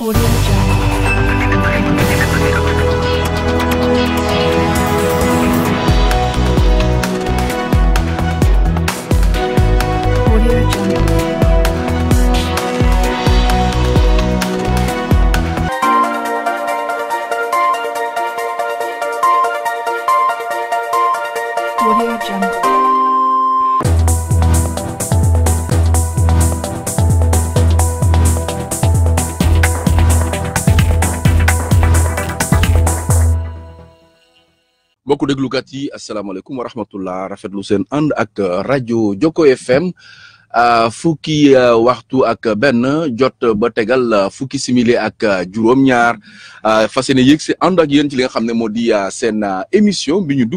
Audio Jungle. Assalamualaikum warahmatullahi wabarakatuh rafetlu and ak radio Joko FM uh, fukki uh, waktu ak ben jot uh, ba tegal fukki simile ak jurom ñaar uh, yéene yek si and ak yeen ci li nga xamne modi uh, sen uh, émission bi ñu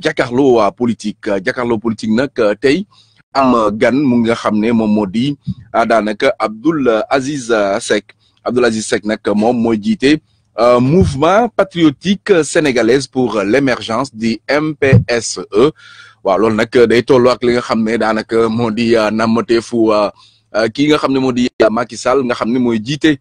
jakarlo uh, politique jakarlo politique uh, tay am gan mu nga xamne mom modi uh, danaka abdul aziz Aziz Sek Abdul Aziz Sek nak mom mooy jité euh, mouvement patriotique sénégalaise pour l'émergence du MPSE waaw loolu nag day tolloo ak li nga xam ne daanaka moo di euh, nammateefu euh, euh, kii nga xam ne moo di Macky Sall nga xam ne mon jiite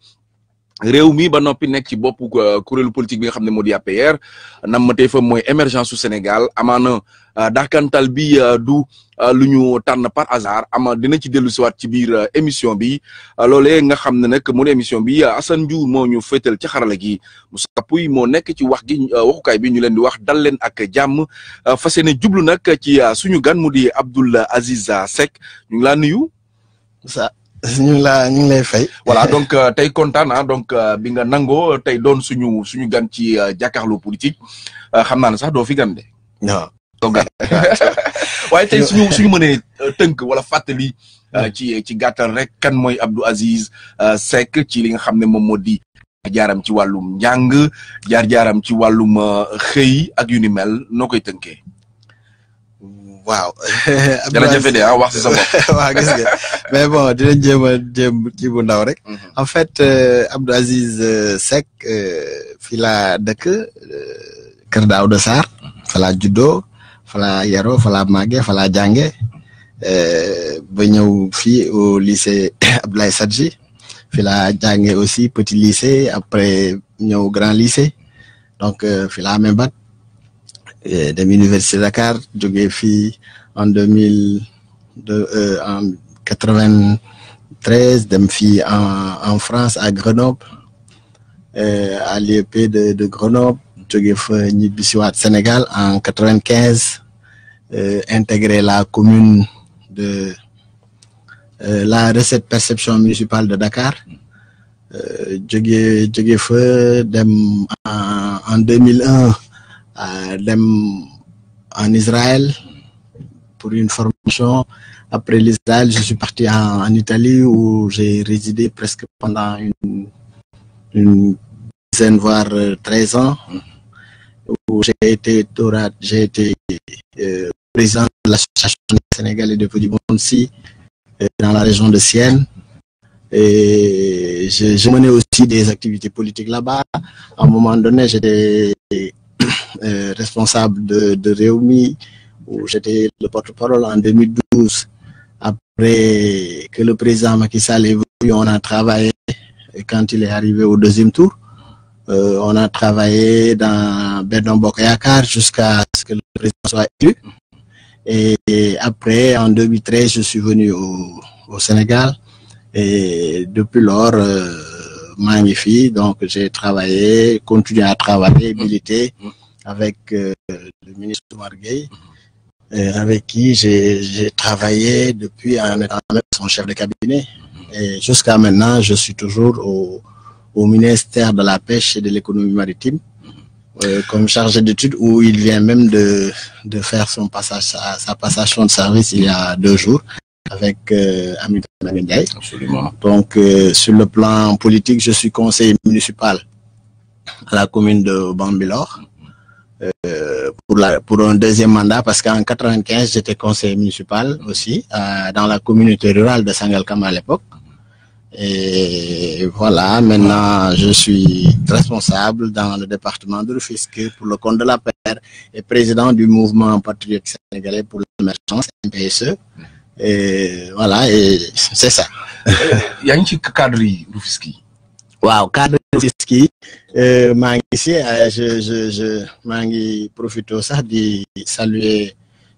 réew mi ba noppi nekk ci bopp euh, kuréelu politique bi nga xam ne moo di APR nammatee fa mooy émergence su Sénégal amaana euh, dàkkantal bi euh, du lu ñu tànn par hasard ama dina ci dellu siwaat ci biir émission bi loolee nga xam ne nag moo émission bi Assane Ndiour moo ñu féetal ci xarala gi Moussa Pouy moo nekk ci wax gi waxukaay bi ñu leen di wax dal leen ak jàmm fas yéene jublu nag ci suñu gan mu di Abdoul Aziz sek ñu ngi laa nuyu. ñu la ñu ngi lay fay. voilà donc euh, tey kontaan donc euh, bi nga nangoo tey doon suñu suñu gan ci euh, jàkkaarloo politique xam naa ne sax doo fi gan de. waaw tey suñu suñu mënee tënk wala fàttali. ci ci gàttal rek kan mooy Abdou Aziz Seck ci li nga xam ne moom moo di. ci wàllum njàng jaar jaaram ci wàllum xëy ak yu ni mel noo koy tënkee. waaw. de ah wax sa waaw mais bon dinañ jéem a jéem bu ndaw rek. Mhm. en fait euh, Abdou Aziz euh, Seck euh, fii laa dëkk Kër il Sarr. fa laa juddoo fa laa yaroo au lycée Abdoulaye Sadji fi laa aussi petit lycée après ñëw grand lycée donc fi laa l'Université euh, université Dakar jógee en 1993, de, euh, en en France à Grenoble euh, à l'IEP de de Grenoble jógee fa au Sénégal en 95, euh, intégré la commune de la recette perception municipale de Dakar je suis fa en 2001, euh, en Israël pour une formation. Après l'Israël, je suis parti en, Italie où j'ai résidé presque pendant une, dizaine, voire 13 euh, ans, où j'ai été, j'ai euh, président de l'association sénégalaise de Poudibonsi dans la région de Sienne. Et j'ai mené aussi des activités politiques là-bas. À un moment donné, j'étais euh, responsable de, Réumi, où j'étais le porte-parole en 2012. Après que le président Macky Sall est venu, on a travaillé, quand il est arrivé au deuxième tour, euh, on a travaillé dans Berdon Bokayakar jusqu'à ce que le président soit élu. Et, après, en 2013, je suis venu au, Sénégal. Et depuis lors, euh, magnifique. Donc, j'ai travaillé, continué à travailler, militer. Mm-hmm avec euh, le ministre Marguerite, euh, avec qui j'ai travaillé depuis en son chef de cabinet. Et jusqu'à maintenant, je suis toujours au, ministère de la Pêche et de l'Économie maritime, euh, comme chargé d'études, où il vient même de, faire son passage, sa, passation de service il y a deux jours avec Amit Absolument. Donc, sur le plan politique, je suis conseiller municipal à la commune de Bambilor. Euh, pour, la, pour un deuxième mandat parce qu'en 95 j'étais conseiller municipal aussi euh, dans la communauté rurale de Kama à l'époque. Et voilà, maintenant je suis responsable dans le département de Rufisque pour le compte de la paire et président du mouvement patriote sénégalais pour l'émergence MPSE. Et voilà, et c'est ça. il y a une petite Rufisque yi. waouh cadre qui euh, ngi euh, je je je maa ngi profito sax di saluer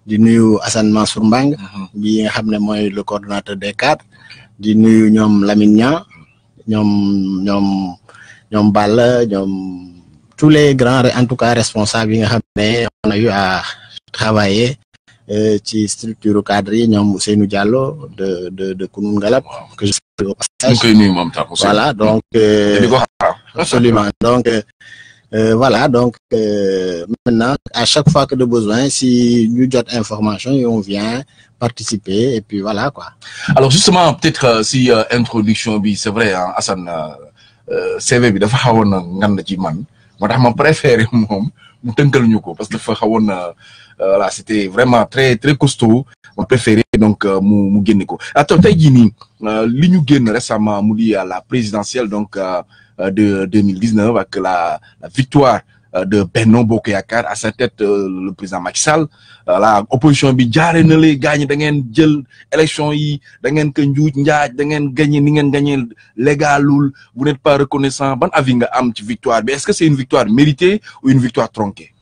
du nouveau Assane Mansour Mbang uh-huh. bi nga xam ne le coordonnateur des cadres du nouveau ñoom Lamine Niang ñoom ñoom balle, Balla tous les grands en tout cas responsables yi nga on a eu à travailler euh, ci structure cadre yi ñoom Ousseynou Diallo de de de Kounoun Galap que je salue au passage voilà donc euh, Absolument. Donc, euh, euh, voilà, donc euh, maintenant, à chaque fois que de besoin, si nous d'autres informations, on vient participer et puis voilà quoi. Alors justement, peut-être si introduction bi, c'est vrai, hein, Hassan, CV il dafa xawoon un grand na moi man, préféré parce que dafa voilà c'était vraiment très très costaud Mon préféré donc mon mu Attends, ko. ah l'union récemment mu à la présidentielle donc. Euh, de 2019 avec la, la victoire euh, de Benno Bokeyakar à sa tête euh, le président Macky Sall la opposition bi jaare na da jël élection yi da ko njaaj da gagné ni gagné vous n'êtes pas reconnaissant ban avis ci victoire est-ce que c'est une victoire méritée ou une victoire tronquée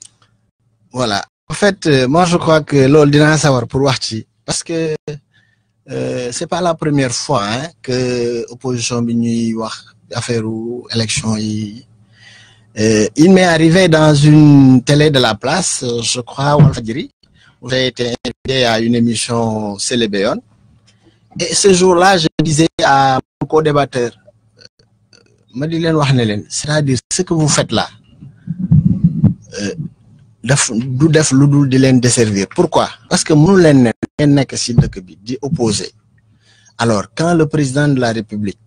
voilà en fait moi je crois que l'ordinaire savoir savoir pour wax ci parce que c'est pas la première fois hein que opposition bi ñuy wax affaire élection il m'est arrivé dans une télé de la place je crois où j'ai été invité à une émission Célébéon et ce jour-là je disais à mon co-débatteur euh, c'est-à-dire ce que vous faites là euh, def pourquoi parce que mon alors quand le président de la République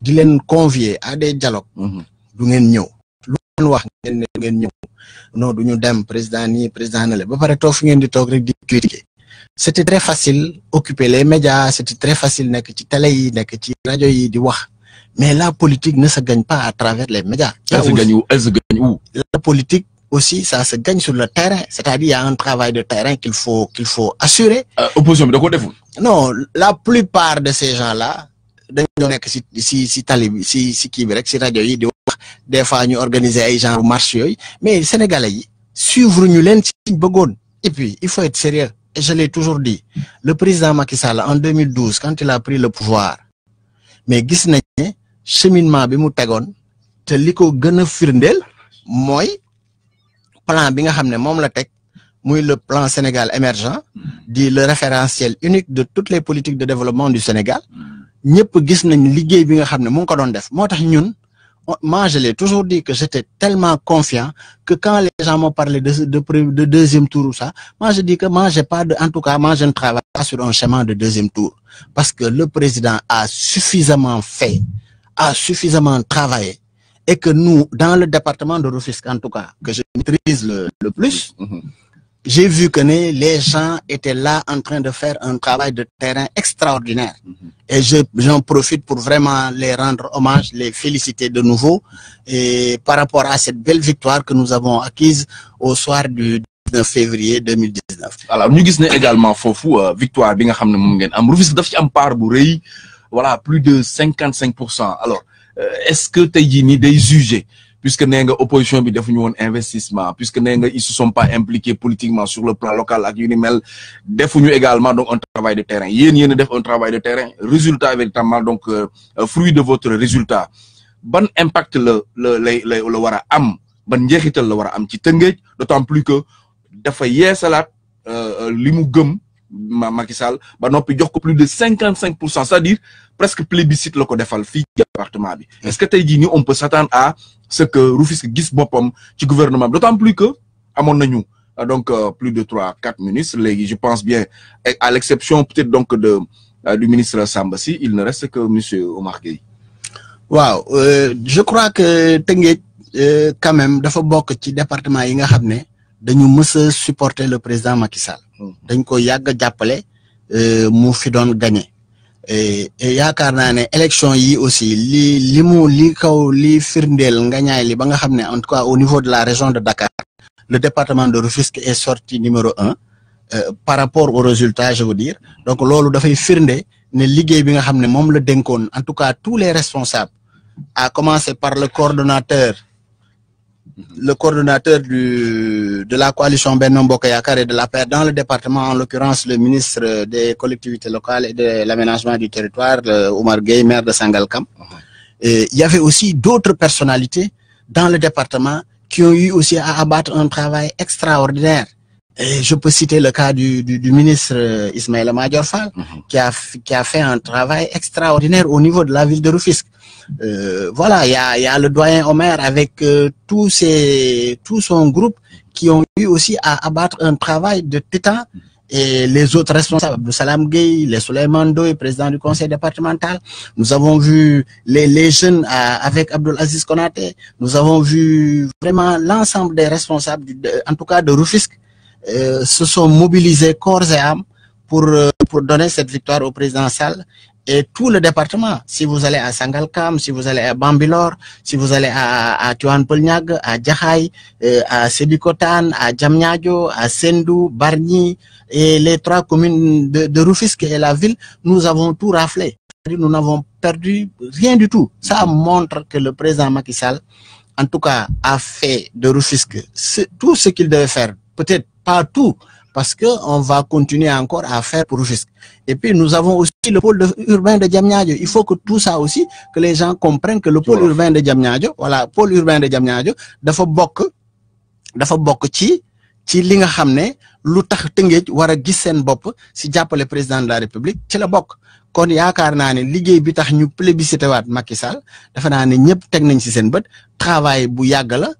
di leen convier à des dialogues mhm. du ngeen ñew lu wax ngeen ne ñew non duñu dem président ni président na le ba paré toog fi di tok rek di critiquer c'était très facile occuper les médias c'était très facile nek ci télé yi nek ci radio, yi di wax mais la politique ne se gagne pas à travers les médias elle se gagne où elle se gagne où la politique aussi ça se gagne sur le terrain c'est-à-dire il y a un travail de terrain qu'il faut qu'il faut assurer euh, opposition non la plupart de ces gens là si si si si si bi rek ci yi des fois ñu organiser ay genre marche yoy mais sénégalais yi suivre ñu len ci et puis il faut être sérieux et je l'ai toujours dit le président Macky Sall en 2012 quand il a pris le pouvoir mais gis nañ ne cheminement bi mu tegoon te liko gëna firndel a plan bi nga xam la tek le plan Sénégal émergent dit le référentiel unique de toutes les politiques de développement du Sénégal moi je l'ai toujours dit que j'étais tellement confiant que quand les gens m'ont parlé de de deuxième tour ou ça moi je dis que moi j'ai pas de en tout cas moi je ne travaille pas sur un chemin de deuxième tour parce que le président a suffisamment fait a suffisamment travaillé et que nous dans le département de Rufisque en tout cas que je maîtrise le plus mm-hmm j'ai vu que les gens étaient là en train de faire un travail de terrain extraordinaire. Mm-hmm. Et j'en profite pour vraiment les rendre hommage, les féliciter de nouveau et par rapport à cette belle victoire que nous avons acquise au soir du 19 février 2019. Alors, nous avons également Fofu, euh, victoire, bien que nous avons un part voilà, plus de 55%. Alors, euh, est-ce que tu des sujets puisque nee nga opposition bi defuñu won investissement puisque nee nga ils se sont pas impliqués politiquement sur le plan local ak yu ni mel également donc un travail de terrain yéen yéen def un travail de terrain résultat véritablement donc euh, euh, fruit de votre résultat ban impact le le le, sur la am ban njeexital la wara am ci d'autant plus que dafa yeesalaat euh, euh limu gëm Macky Sall ba nopi jox ko plus de 55%. c'est-à-dire presque plébiscite la ko defal fi département bi est-ce que tu dis, ni on peut s'attendre à ce que Rufisque gis du gouvernement d'autant plus que mon nañu euh, donc euh, plus de 3 4 ministres je pense bien à l'exception peut-être donc de euh, du ministre Sambassi, il ne reste que M. Omar Gueye. waaw je crois que euh, quand même faut que le département yi nga xam nous supporter le président Macky Sall. Hmm. dañ ko yàgg a jàppale mu gagné y na y élection yi aussi li li li kaw li firndel nga ñaay li ba nga en tout cas au niveau de la région de Dakar le département de Rufisque est sorti numéro un euh, par rapport aux résultats je veux dire donc da fay firndé ne liggéey bi nga xamné mom en tout cas tous les responsables à commencer par le coordonnateur Mhm. le coordonnateur du, de la coalition Benno Bokayakar et de la paix dans le département, en l'occurrence le ministre des collectivités locales et de l'aménagement du territoire, euh, Omar Gueye, maire de Sangalkam. Mhm. Et il y avait aussi d'autres personnalités dans le département qui ont eu aussi à abattre un travail extraordinaire. je peux citer le cas du, ministre euh, Ismaël Majorfal, mhm. qui, a, qui a fait un travail extraordinaire au niveau de la ville de Rufisque. Euh, voilà, il y a, le doyen Omer avec euh, tous ses, tout son groupe qui ont eu aussi à abattre un travail de Tétan et les autres responsables, Salam Gay, les Souleyman et président du conseil départemental. Nous avons vu les, les jeunes avec abdulaziz Aziz Nous avons vu vraiment l'ensemble des responsables, en tout cas de Rufisque, euh, se sont mobilisés corps et âme pour, pour donner cette victoire au président et tout le département. Si vous allez à Sangalkam, si vous allez à Bambilor, si vous allez à, à à Djahai, à Sebikotan, euh, à Djamnyadjo, à Sendou, Barni et les trois communes de, de Rufisque et la ville, nous avons tout raflé. Nous n'avons perdu rien du tout. Ça montre que le président Macky Sall, en tout cas, a fait de Rufisque tout ce qu'il devait faire. Peut-être pas tout, parce qu'on va continuer encore à faire pour risque Et puis, nous avons aussi le pôle urbain de Djamnyadjo. Il faut que tout ça aussi, que les gens comprennent que le pôle urbain de Djamnyadjo, voilà, pôle urbain de Djamnyadjo, dafa bokk, dafa bokk ci, ci li nga xam ne lu tax Tëngéej war a si président de la République ci la bokk. kon yaakaar a ne liggéey bi tax ñu plébiscité waat Macky Sall dafa na né ñëpp teg nañ ci seen bët travail bu yàgg la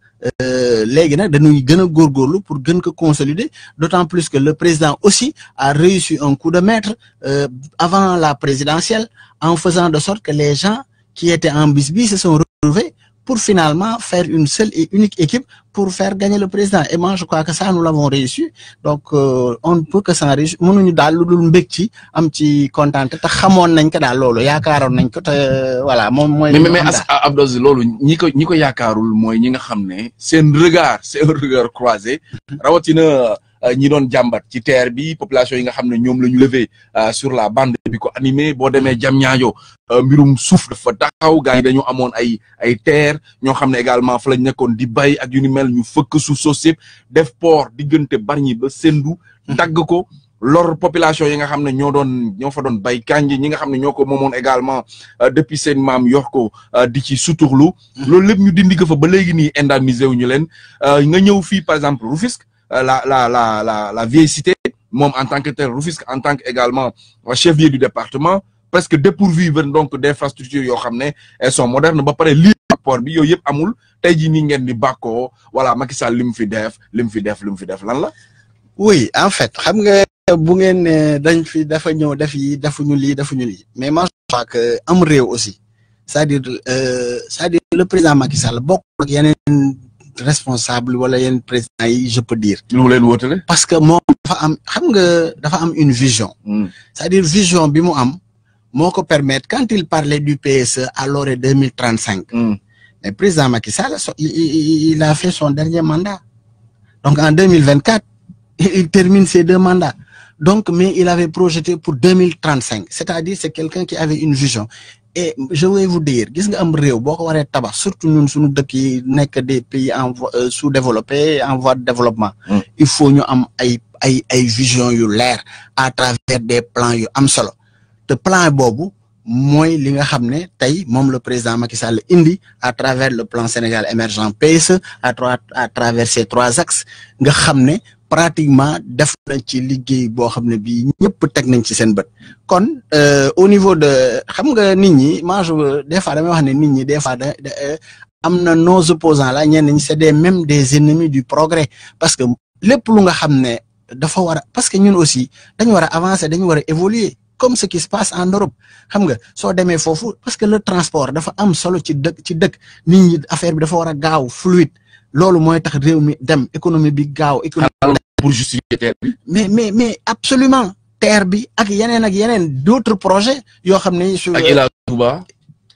les de de nous pour consolider d'autant plus que le président aussi a réussi un coup de maître euh, avant la présidentielle en faisant de sorte que les gens qui étaient en bisbis se sont retrouvés pour finalement faire une seule et unique équipe pour faire gagner le président. Et moi, je crois que ça, nous l'avons réussi. Donc, euh, on ne peut que s'en réjouir. Nous, daal lu dul mbég ci am ci kontaante te xamoon nañ ko daal loolu yaakaaroon ko te euh, voilà moom mais mais Abdou Aziz loolu ñi ko ñi ko yaakaarul mooy ñi nga xam C'est un regard regard croisé mhm. rawatina. Euh, ñi doon jàmbat ci terre bi population yi nga xam ne ñoom la ñu levé euh, sur la bande bi ko animé boo demee jam euh, mbirum suuf dafa taxaw gars yi dañu amoon ay ay terre ñoo xam ne également fa lañ nekkoon di bay ak yu ni mel ñu fëkk suuf soosu def por diggante Bargny ba Sendou dagg ko lor population yi nga xam ne ñoo doon ñoo fa doon bay kànji ñi nga xam ne ñoo ko moomoon également depuis seen maam yor ko di ci suturlu mm-hmm. loolu lépp ñu dindi ko fa ba léegi nii indemniser wu ñu leen nga ñëw fii par exemple Rufisque Euh, la la la la la vieille cité moi en tant que tel Rufisque en tant également euh, chef-lieu du département presque dépourvu donc d'infrastructures yoo elles sont modernes ba pare lii port bi yooyu yep amul tey jii nii ngeen di voilà Macky Sall lim fi def lim fi def lim fi def lan la. oui en fait xam nga bu ngeen ne dañ fi dafa ñew def yi defuñu lii defuñu li mais ma je que am rew aussi c'est-à-dire euh, c'est-à-dire le président Macky Sall bokk ak responsable wala président je peux dire. parce que moi, dafa am une vision. Hmm. c'est-à-dire vision bi am permettre quand il parlait du PSE à l'heure 2035 hmm. président Macky il a fait son dernier mandat donc en 2024, il termine ses deux mandats donc mais il avait projeté pour 2035. c'est-à-dire c'est quelqu'un qui avait une vision et je vais vous dire gis nga am rew dire, waré tabax surtout ñun suñu dëkk yi des pays en euh, sous-développés en voie de développement. Mm. il faut ñu am ay ay vision yu l'air à travers des plans yu am solo te plan est moy li nga xamné tay mom le président Macky Sall indi à travers le plan Sénégal émergent PSE à travers ces trois axes nga xamné pratiquement def nañ ci liggéey boo xam ne bii ñëpp teg nañ ci seen bët kon euh, au niveau de xam nga nit ñi man je des fois damay wax ne nit ñi des fois da euh, am na nos opposants la ñenn ñi c'est des même des ennemis du progrès parce que lépp lu nga xam ne dafa war a parce que ñun aussi dañu war a avancer dañu war a évoluer comme ce qui se passe en Europe xam nga soo demee foofu parce que le transport dafa am solo ci dëkk ci dëkk nit ñi affaire bi dafa war a gaaw fluide loolu moy tax réew mi dem économie bi gaaw économie pour justifier terre bi mais mais mais absolument terre bi ak yenen ak yenen d'autres projets yo xamné ne ak Ila Touba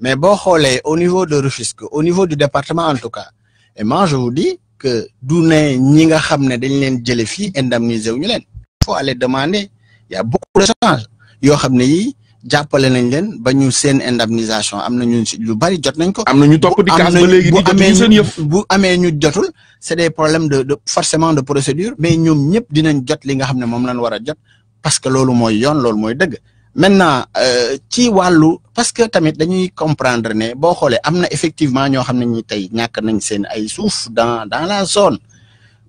Mais bon, au niveau de Rufisque, au niveau du département en tout cas, et moi je vous dis que d'où ñi nga xamné dañ leen jëlé fi indemniser wuñu leen. Faut aller demander, il y a beaucoup de changes yo xamné yi jàppale nañ leen ba ñu seen indemnisation am na ñu lu bari jot nañ ko. am ñu di kaas ba léegi di jotuñu seen bu amé ñu jotul c'est des problèmes de de forcément de procédure mais ñoom ñëpp dinañ jot li nga xam ne lañ jot parce que loolu mooy yoon loolu mooy dëgg. maintenant euh, ci wàllu parce que tamit dañuy comprendre ne boo xoolee am na effectivement ñoo xam ne ñi tey ñàkk nañ seen ay suuf dans dans la zone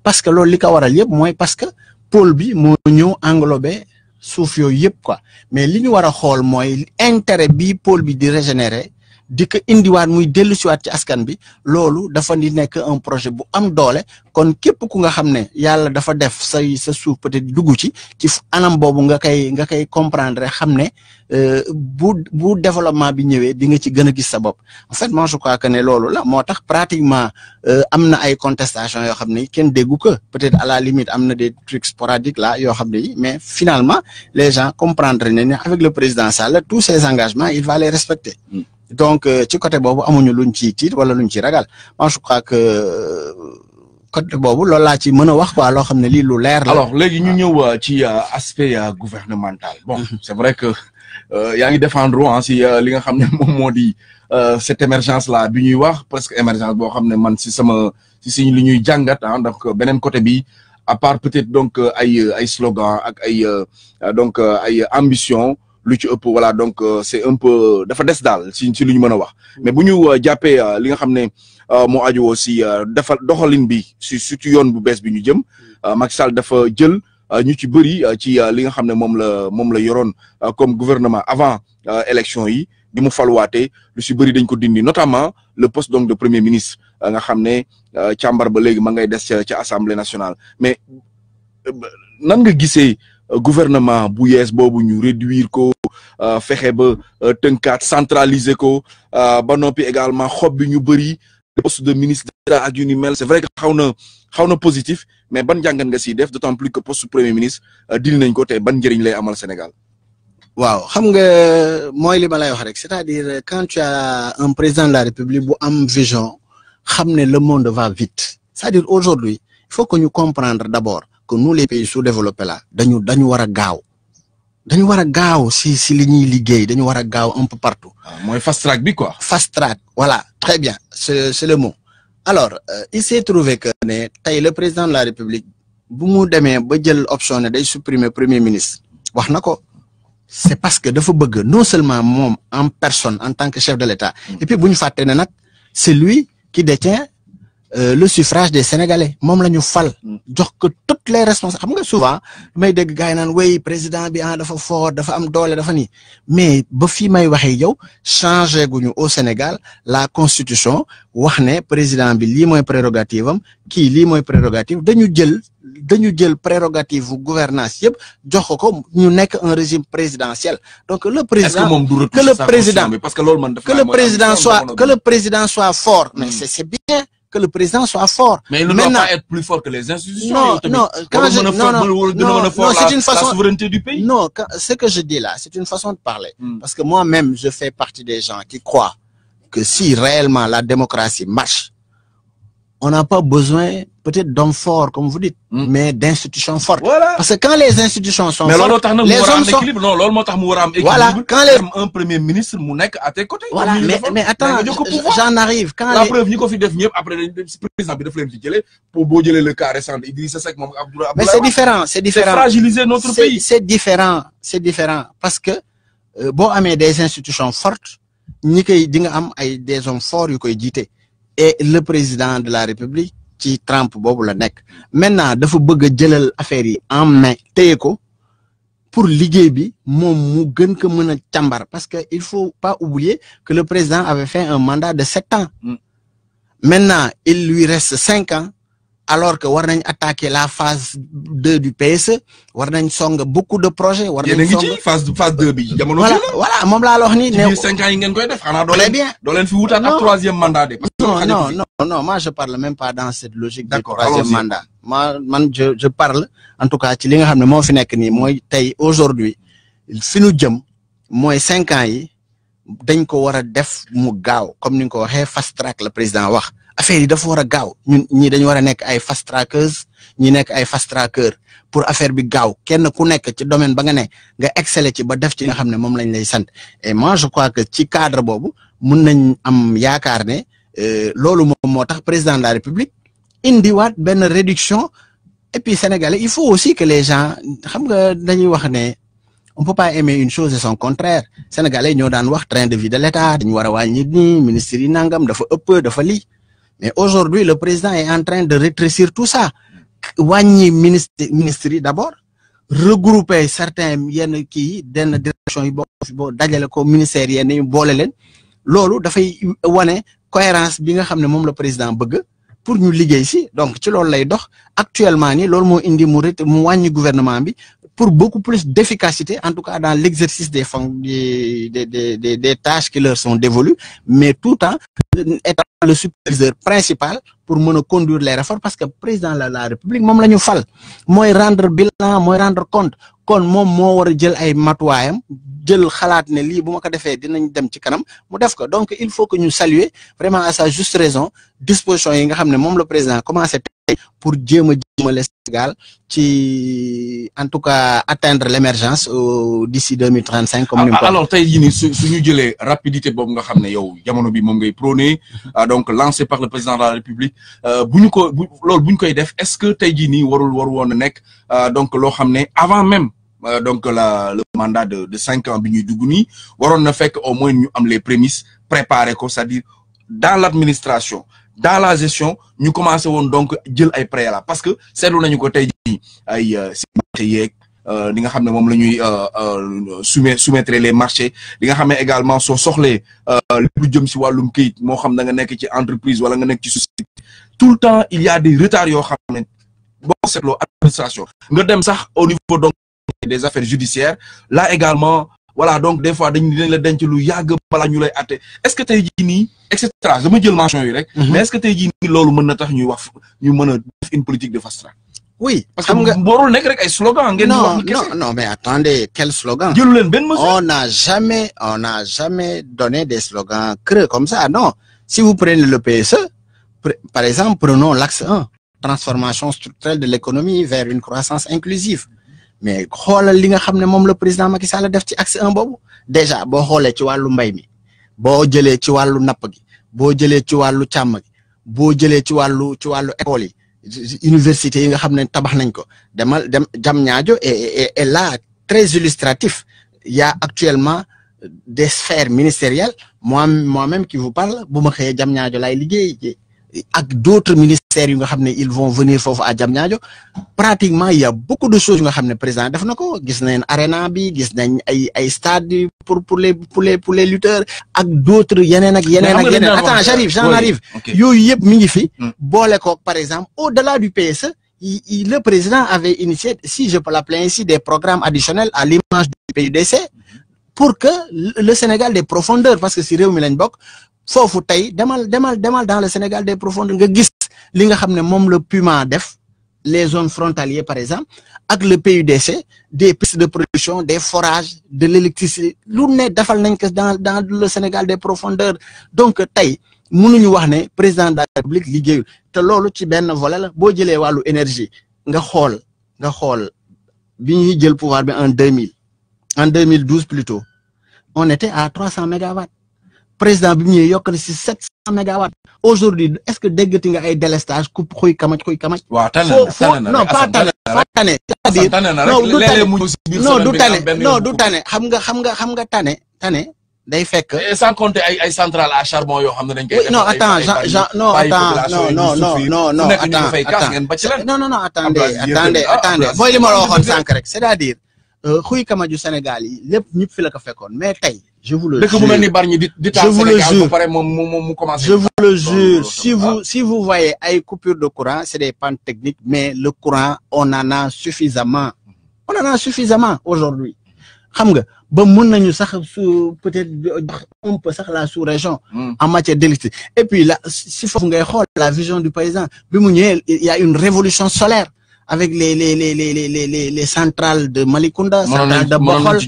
parce que loolu li ko waral yëpp mooy parce que pôle bi moo ñëw englobé suuf yooyu yëpp ko mais li ñu war a xool mooy intérêt bi pôle bi di régénérer di ko waat muy dellusiwaat ci askan bi lolu dafa ni nek un projet bu am doole kon képp ku nga xam yalla dafa def say sa suuf peut-être duggu ci ci anam bobu nga kay nga kay comprendre xam euh bu bu développement bi ñëwee di nga ci gëna gis sa bopp en fait moi je crois que né lolu la motax pratiquement euh, amna na ay contestation yo xam ne déggu ko peut-être à la limite amna des trucs sporadiques là yo xam mais finalement les gens comprendre nañ avec le président Sall tous ses engagements il va les respecter mm donc euh, ci côté bobu amuñu luñ ci tiit wala luñ ci ragal man je crois que euh, côté bobu loolu laa ci mën wax quoi lo xamné li lu leer la. alors légui ñu ñëw euh, ci aspect gouvernemental. bon mhm. c'est vrai que yaa ngi défendre hein si li nga xamné ne modi cette émergence là bi ñuy wax presque émergence bo xamné man si sama si si li ñuy jangat ah hein, donc benen côté bi à part peut-être donc ay ay slogan ak ay donc ay ambition lu ci ëpp voilà donc euh, c'est un peu dafa dess dal si si lu ñu wax mais buñu euh, jappé euh, li nga xamné ne aju aussi dafa doxalin bi ci ci yoon bu bess bi ñu jëm Macky Sall dafa jël ñu ci bëri ci li nga xamné mom la mom la yoron comme gouvernement avant élection yi bi mu falwaatee lu ci bëri dañ ko dindi notamment le poste donc de premier ministre nga xamné ne ba légui ma ngay des ci assemblée nationale mais nan nga gissé gouvernement bu yees boobu ñu réduire ko euh, fexé ba euh, tënkaat centraliser ko euh, ba également xob bi ñu bëri poste de ministre d'État ak mel c'est vrai que xawna xawna positif mais ban jangane nga siy def d'autant plus que poste premier ministre dil nañ ko té ban njëriñ lay amal Sénégal waaw xam nga moy li ma lay wax rek c'est-à-dire quand tu as un président de la République bu am vision xamné le monde va vite c'est-à-dire aujourd'hui il faut que nous comprendre d'abord que nous les pays sous-développés là dañu dañu wara gaaw dañu wara a gaaw si si on ñuy dañu gaaw un peu partout. Ah, moy fast track bi quoi. fast track voilà très bien c'est le mot. alors euh, il s'est trouvé que le président de la république bu mu démé ba jël option supprimer day premier ministre wax nako, c'est parce que dafa bëgg non seulement en personne en tant que chef de l'État et puis buñu faté né c'est lui qui détient euh, le suffrage des sénégalais toutes les responsables souvent gars président fort mais au Sénégal la constitution président bi prérogative prérogative gouvernance régime présidentiel donc le président le président soit que le président soit fort mais hmm. c'est bien que le président soit fort. Mais il ne doit pas être plus fort que les institutions. Non, non, non, non, c'est une façon. La souveraineté du pays. Non, ce que je dis là, c'est une façon de parler. Hmm. Parce que moi-même, je fais partie des gens qui croient que si réellement la démocratie marche, on n'a pas besoin peut-être d'hommes forts, comme vous dites, hmm. mais d'institutions fortes. Voilà. Parce que quand les institutions sont fortes, les hommes sont... Équilibre. voilà. Quand les... un premier ministre est à tes côtés. Voilà, mais, mais, attends, j'en arrive. Quand la les... preuve, Nico Fidef, après le président de Flem pour bouger le cas récent, Idrissa Seck, Mais c'est différent, c'est différent. C'est fragiliser notre pays. C'est différent, c'est différent. Parce que, euh, bon, on a des institutions fortes, ni que des hommes forts, ils ont et le président de la république qui trempe Trump. maintenant il faut que jëlal affaire yi en main Téko, pour l'IGB, bi moom mu gën chambar. parce qu'il ne faut pas oublier que le président avait fait un mandat de sept ans mm. maintenant il lui reste cinq ans alors que war attaquer la phase 2 du PS, e, war song beaucoup de projets. war phase phase 2. jamono. voilà voilà mom la wax ni. ans yi ngeen koy troisième mandat non non non moi je parle même pas dans cette logique. du troisième mandat. je parle en tout cas ci li nga aujourd'hui il ans yi dañ ko def comme président affaire yi dafa war a gaaw ñun ñii dañu war a nekk ay fast trackers nekk ay fast pour affaire bi gaaw kenn ku nekk ci domaine ba nga ne nga exceller ci ba def ci nga xam ne moom lañ lay sant et moi je crois que ci cadre boobu mun nañ am yaakaar ne euh, loolu moom moo tax président de la république indiwaat benn réduction et puis sénégalais il faut aussi que les gens xam nga dañuy wax ne on peut pas aimer une chose et son contraire sénégalais ñoo daan wax train de vie de l'état dañu war a wàññi nii ministre yi nangam dafa ëpp dafa lii Mais aujourd'hui, le président est en train de rétrécir tout ça. Wagner ministère d'abord, regrouper certains yenn qui d'une direction yi bo ko ministère yenn yi boole cohérence bi nga même le président bëgg pour nous liggéey ici. donc ci l'as lay dox actuellement ni loolu moo indi mu mu gouvernement bi pour beaucoup plus d'efficacité, en tout cas dans l'exercice des, des, des, des, tâches qui leur sont dévolues, mais tout en étant le superviseur principal pour mener conduire les réformes, parce que le président de la République, mom nous fal, moi rendre bilan, moi rendre compte, kon mom mo wara jël ay matuwayam, jël xalaat ne li buma ko défé dinañ dem ci kanam, mu def ko. Donc il faut que nous saluions vraiment à sa juste raison disposition yi nga xamné mom le président commencé pour djema djema jëmale Sénégal ci en tout cas atteindre l'émergence euh, d'ici 2035 comme nous ah, ah, alors tay jii ni suñu jëlee rapidité boobu nga xamné yow jamono bi mom ngay prôné ah, donc lancé par le président de la République euh, bu ko lool buñ koy def est ce que tay jii nii warul waru won nek. donc lo xamné avant même euh, donc la le mandat de de cinq ans biñu ñuy dugg nii na fekk au moins ñu am les prémices préparé ko c'est-à-dire dans l'administration dans la gestion ñu commencé donc jël ay prêts là parce que lu nañu ko tay di ay euh, si euh, li nga xamné mom lañuy euh, soumettre les marchés li nga xam ne également soo soxlee lu jëm si walum keuyit mo xam da nga nek ci entreprise wala nga nek ci société tout le temps il y a des retards yo xamné ne boo administration nga dem sax au niveau donc des affaires judiciaires là également voilà donc des fois dañ dinañ la denc lu yàgg ñu lay atte est-ce que tey jii nii et cetera dama jël mention yi rek. Mhm. mais est-ce que tu jii nii loolu mën tax ñuy def une politique de fast oui parce que warul nekk rek ay slogan non non mais attendez quel slogan. on n'a jamais on n'a jamais donné des slogans creux comme ça non si vous prenez le PSE par exemple prenons l'axe 1 transformation structurelle de l'économie vers une croissance inclusive. mais xoolal li nga xam ne moom la président Macky Sall def ci axe 1 boobu déjà boo xoolee ci wàllu mbay mi boo jëlee ci wàllu napp gi boo jëlee ci wàllu càmm gi boo jëlee ci wàllu ci wàllu école yi université yi nga xam ne tabax nañ ko demal dem jam ñaajo e la là très illustratif y actuellement des sphères ministérielles moi moi-même qui vous parle bu ma xëyee jam ñaajo laay liggéey avec d'autres ministères ils vont venir à Diamniadio pratiquement il y a beaucoup de choses yu nga xam présent président a une arène à arena bi y a stade pour les pour les pour les lutteurs avec d'autres il ak en attends j'arrive j'en arrive Il y a ngi fi hmm. par exemple au-delà du PSE le président avait initié, si je peux l'appeler ainsi, des programmes additionnels à l'image du PUDC hmm. pour que le Sénégal des profondeurs, parce que si Réumilène Bok, foofu tay demal demal demal dans le Sénégal des profondeurs nga gis li nga xamné mom le Puma def les zones frontalières par exemple ak le PUDC des pistes de production des forages de l'électricité lu ne dafal nañ ko dans dans le Sénégal des profondeurs donc tay mënuñu wax né président de la République liggéeyul té lolu ci ben volet la bo jëlé walu énergie nga xol nga xol bi jël pouvoir bi en 2000, en 2012 plutôt on était à 300 mégawatts président bi mu ñëwee yokk na si mégawatts aujourd'hui est-ce que déggati nga ay délestage ku xuy kamaj xuy kamaj. tane non pas tane pas tane. c'est-à-dire non du tane non du tane non du tane xam nga xam nga xam nga tane tane. day fekk sans compter ay ay centrales à charbon yo xam ne dañ koy non attends Jean non attends non non non non non attends non non non attendez attendez attendez mooy li ma la sank rek c'est-à-dire euh, xuy kamaju Sénégal yi lepp ñëpp fi la ko fekkoon mais tay je vous le jure. Je vous le jure. Je vous le jure. Si vous, ah. si vous voyez une coupure de courant, c'est des pannes techniques, mais le courant, on en a suffisamment. On en a suffisamment aujourd'hui. peut-être on peut sax la sous-région hmm. en matière d'électricité et puis si si faut la vision du paysan il y a une révolution solaire avec les les centrales de Malikunda, centrales de Bokhol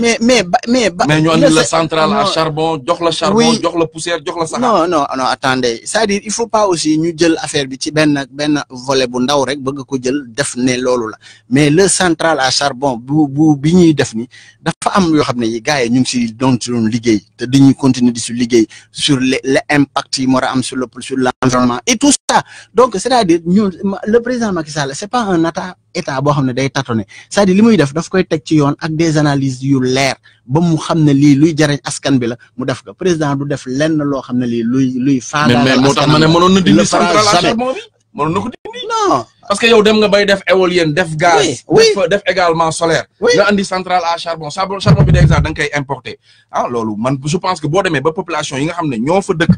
mais mais mais mais centrale à charbon la charbon la poussière la non non non attendez cest à il faut pas aussi nous dire affaire mais le centrale à charbon sur les impacts sur le l'environnement et tout ça donc c'est-à-dire le président Macky Sall c'est pas un état état bo xamné day tâtonner c'est-à-dire li def daf koy tek ci yoon ak des analyses yu lèr ba mu xamné li luy jariñ askan bi la mu def ko président du def lenn lo xamné li luy luy. faagaagal askan mais mais moo tax ma ne mënoon na dindi centrale à charbon bi mënoon na dindi. non parce que yow dem nga bay def éolienne def gaz. def def également solaire. nga andi centrale à charbon charbon charbon bi déjà dang kay importer ah loolu man je pense que bo démé ba population yi nga xamné ño fa deuk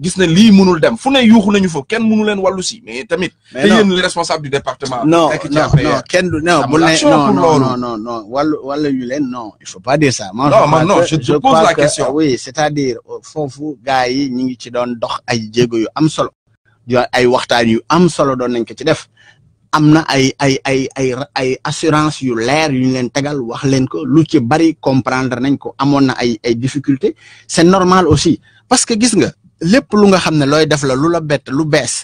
gis na lii mënul dem fune yuxu nañu fa kenn mënu leen wàllu si mais tamit. mais non te responsable du département. non non non kenn du non bu ne non non non non wàllu wàllu yu leen non il faut pas dire ça. non non non je te pose la question oui c'est-à-dire fofu gaay yi ñi ngi ci doon dox ay jéego yu am solo. ay waxtaan yu am solo doon nañ ko ci def amna ay ay ay ay ay assurance yu leer yu len leen tegal wax len ko lu ci bari comprendre nañ ko amoon na ay ay difficulté c'est normal aussi parce que gis nga lépp lu nga xam loy def la lu la lu bess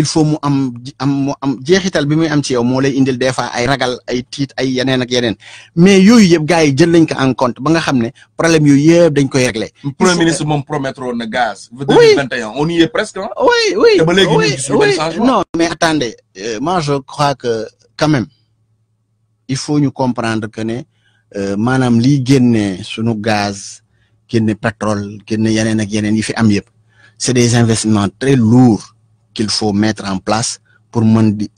il faut mu am am am jeexital bi muy am ci yow mo lay indil des fois ay ragal ay tit ay yenen ak yenen mais yooyu yeb gaay yi jël ko en compte ba nga xam problème yooyu yeb dañ koy réglé. premier ministre mom promettroon na gaz. oui 2021 on y est presque. Hein? oui oui oui ba ñu gis non mais attendez euh, moi je crois que quand même il faut ñu comprendre que ne euh, manam li génné sunu gaz génné pétrole génné yenen ak yenen yi fi am yeb c'est des investissements très lourds qu'il faut mettre en place pour mon di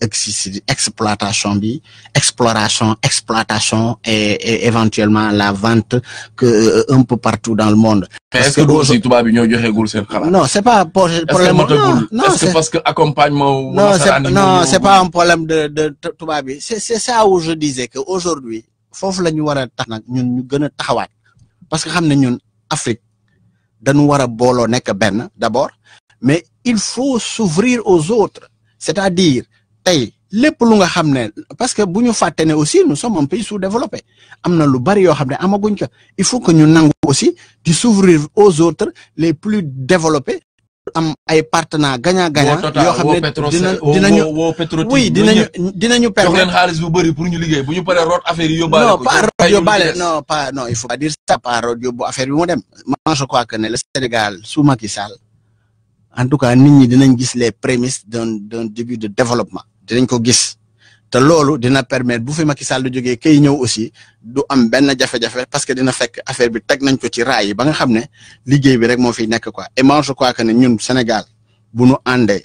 exploitation bi exploration exploitation et, et éventuellement la vente que euh, un peu partout dans le monde. est-ce que vous aussi tubaab bi ñoo joxeegul sen xalaat. non c'est pas problème non non c'est parce que accompagnement. non c'est non pas un problème de de bi c'est c'est ça où je disais que aujourd'hui faut que wara tax nak ñun ñu parce que nous sommes ñun Afrique dañu war a booloo d'abord mais il faut s'ouvrir aux autres c'est-à-dire tay lépp lu nga xam parce que bu Fatene aussi nous sommes un pays sous-développé am lu bari il faut que ñu nangu aussi di aux autres les plus développés am ay partenaires gagnant gagnant yoo xam ne dina dinañu woo xaalis bu bëri pour ñu liggéey bu ñu paree root affaire yi yóbbaale ko non pas il faut pas dire ça pas root yóbbu affaire bi mu dem man je crois que ne le Sénégal sous Macky Sall en tout cas nit ñi dinañ gis les prémices d'un d'un début de développement dinañ ko gis te dina permettre bu fi Macky aussi du am ben parce que dina fekk affaire bi tek nañ ko ci raay ba nga bi rek nekk quoi et moi je crois que ñun Sénégal bu ñu andé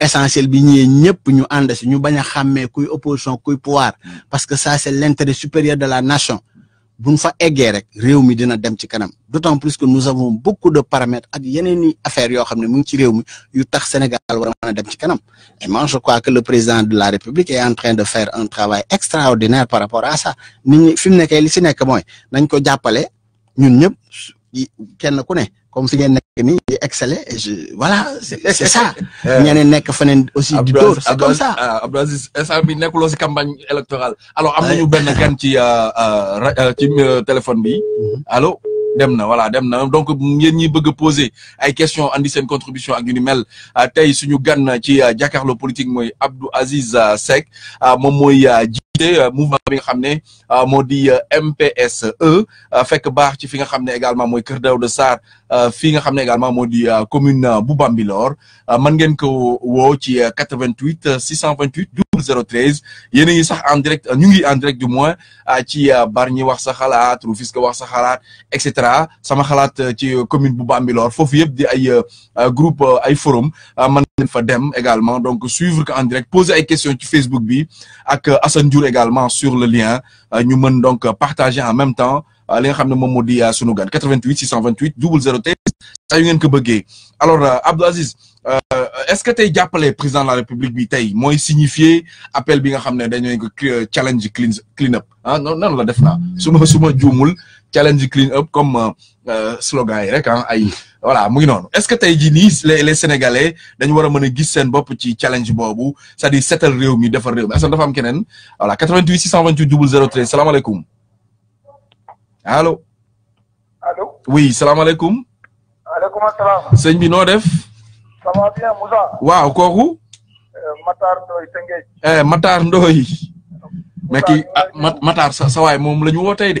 essentiel bi ñu ñu kuy opposition kuy pouvoir parce que ça c'est l'intérêt supérieur de la nation buñ fa eggee rek réew mi dina dem ci kanam d'autant plus que nous avons beaucoup de paramètres ak yeneen ni affaire yo xam mu ngi ci réew mi yu tax Sénégal wara mëna dem ci kanam et moi je crois que le président de la République est en train de faire un travail extraordinaire par rapport à ça nit ñi fi mu li ci nek moy nañ ko jappalé ñun ñëpp di kenn ku comme si ngeen est nii di exceller et je voilà c' est ça. ñeneen nek feneen aussi du dos, c'est comme ça. Euh, Abdou Aziz instant nek lo ci campagne électorale. alors am nañu ben gan ci euh, euh, ci téléphone bi mhm. allô demna voilà demna donc ngeen ñi bëgg poser ay question andi sen contribution ak ñu mel tay suñu gan ci jakarlo politique moy Abdou Aziz Seck mom moy euh, mouvement bi nga xamné euh, modi euh, MPSE fekk baax ci fi nga également keur daw de sar fi nga xamné également modi commune bu Bambilor man ngeen ko wo ci 88 628 0013 yene a sax en direct ñu ngi en direct du moins ci Bargny wax sa xalaat Rufisque wax sa xalaat etc sama xalaat ci commune bu Bambilor fofu yeb di ay groupe ay forum man fa dem également donc suivre en direct poser ay questions ci Facebook bi ak Assane également sur le lien euh, nous donc partager en même temps 88 euh, 628 euh, alors abdouaziz est-ce que es appelé président de la république bi moi appel bien à challenge clean up ah, non non la def challenge clean up comme euh, euh, slogan yi rek ah ay voilà mu ngi noonu est-ce que tey jii nii les les sénégalais dañu war a mën a gis seen bopp ci challenge boobu c'est-à-dire seetal réew mi defar réew mi Assane dafa am keneen voilà 88 628 0013 salaamaaleykum allo. allo oui salaam. sëñ bi noo def. ça va bien Moussa. waaw kooku. Euh, Matar Ndoye Tëngéej. Eh, Matar Ndoye. mais kii ah, Matar sa sa waay moom la de.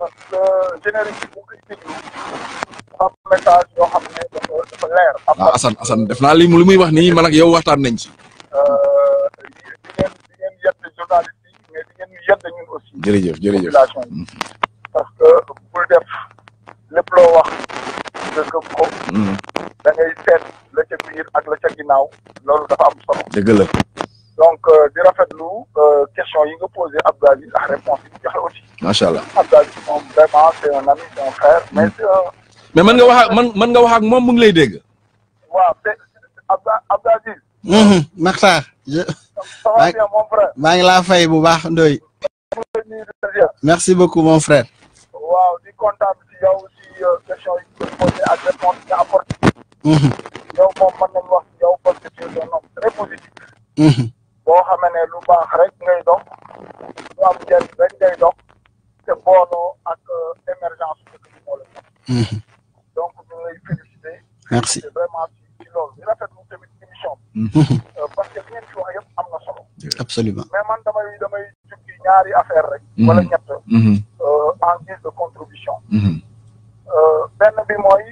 parce que générique bu ko déglu am leer. waaw ah, Assane Assane def naa li li muy wax nii man ak yow waxtaan nañ ci. Euh, di ngeen di ngeen yedd journaliste yi mais di ngeen ñu yedd mm-hmm. parce que bul def lépp loo wax nga gëm ko. Mm-hmm. da ngay ak la ca loolu dafa am solo. la. donc euh, di rafetlu euh, question yi nga posé Abdou Aziz la réponse yi joxe aussi. macha allah vraiment c'est un ami c' est un frère. mais mm. c' mais mën nga wax ak mën nga wax ak moom mu ngi lay dégg. waaw te Abdou Aziz. Mm-hmm. Maxtaar. ça mon frère. maa ngi laa fay bu baax ndoy. merci beaucoup mon frère. waaw di kontaan ci yow si euh, question yi nga posé ak réponse yi nga apporté. Mm-hmm. yow moom mën nañu wax yow parce que tu es un homme très positif. Mm-hmm boo xamee ne lu baax rek ngay dox lu am njëriñ rek ngay dox te booloo ak euh, émergence dëkk bi moo la mhm. donc ñu ngi lay félicité. merci vraiment ci loolu di rafetlu tamit émission mhm. euh, parce que li ngeen ci wax yëpp am na solo. absolument mais man damay damay jukki ñaari affaire rek. Mhm. wala ñett. Euh, en guise de contribution. benn bi mooy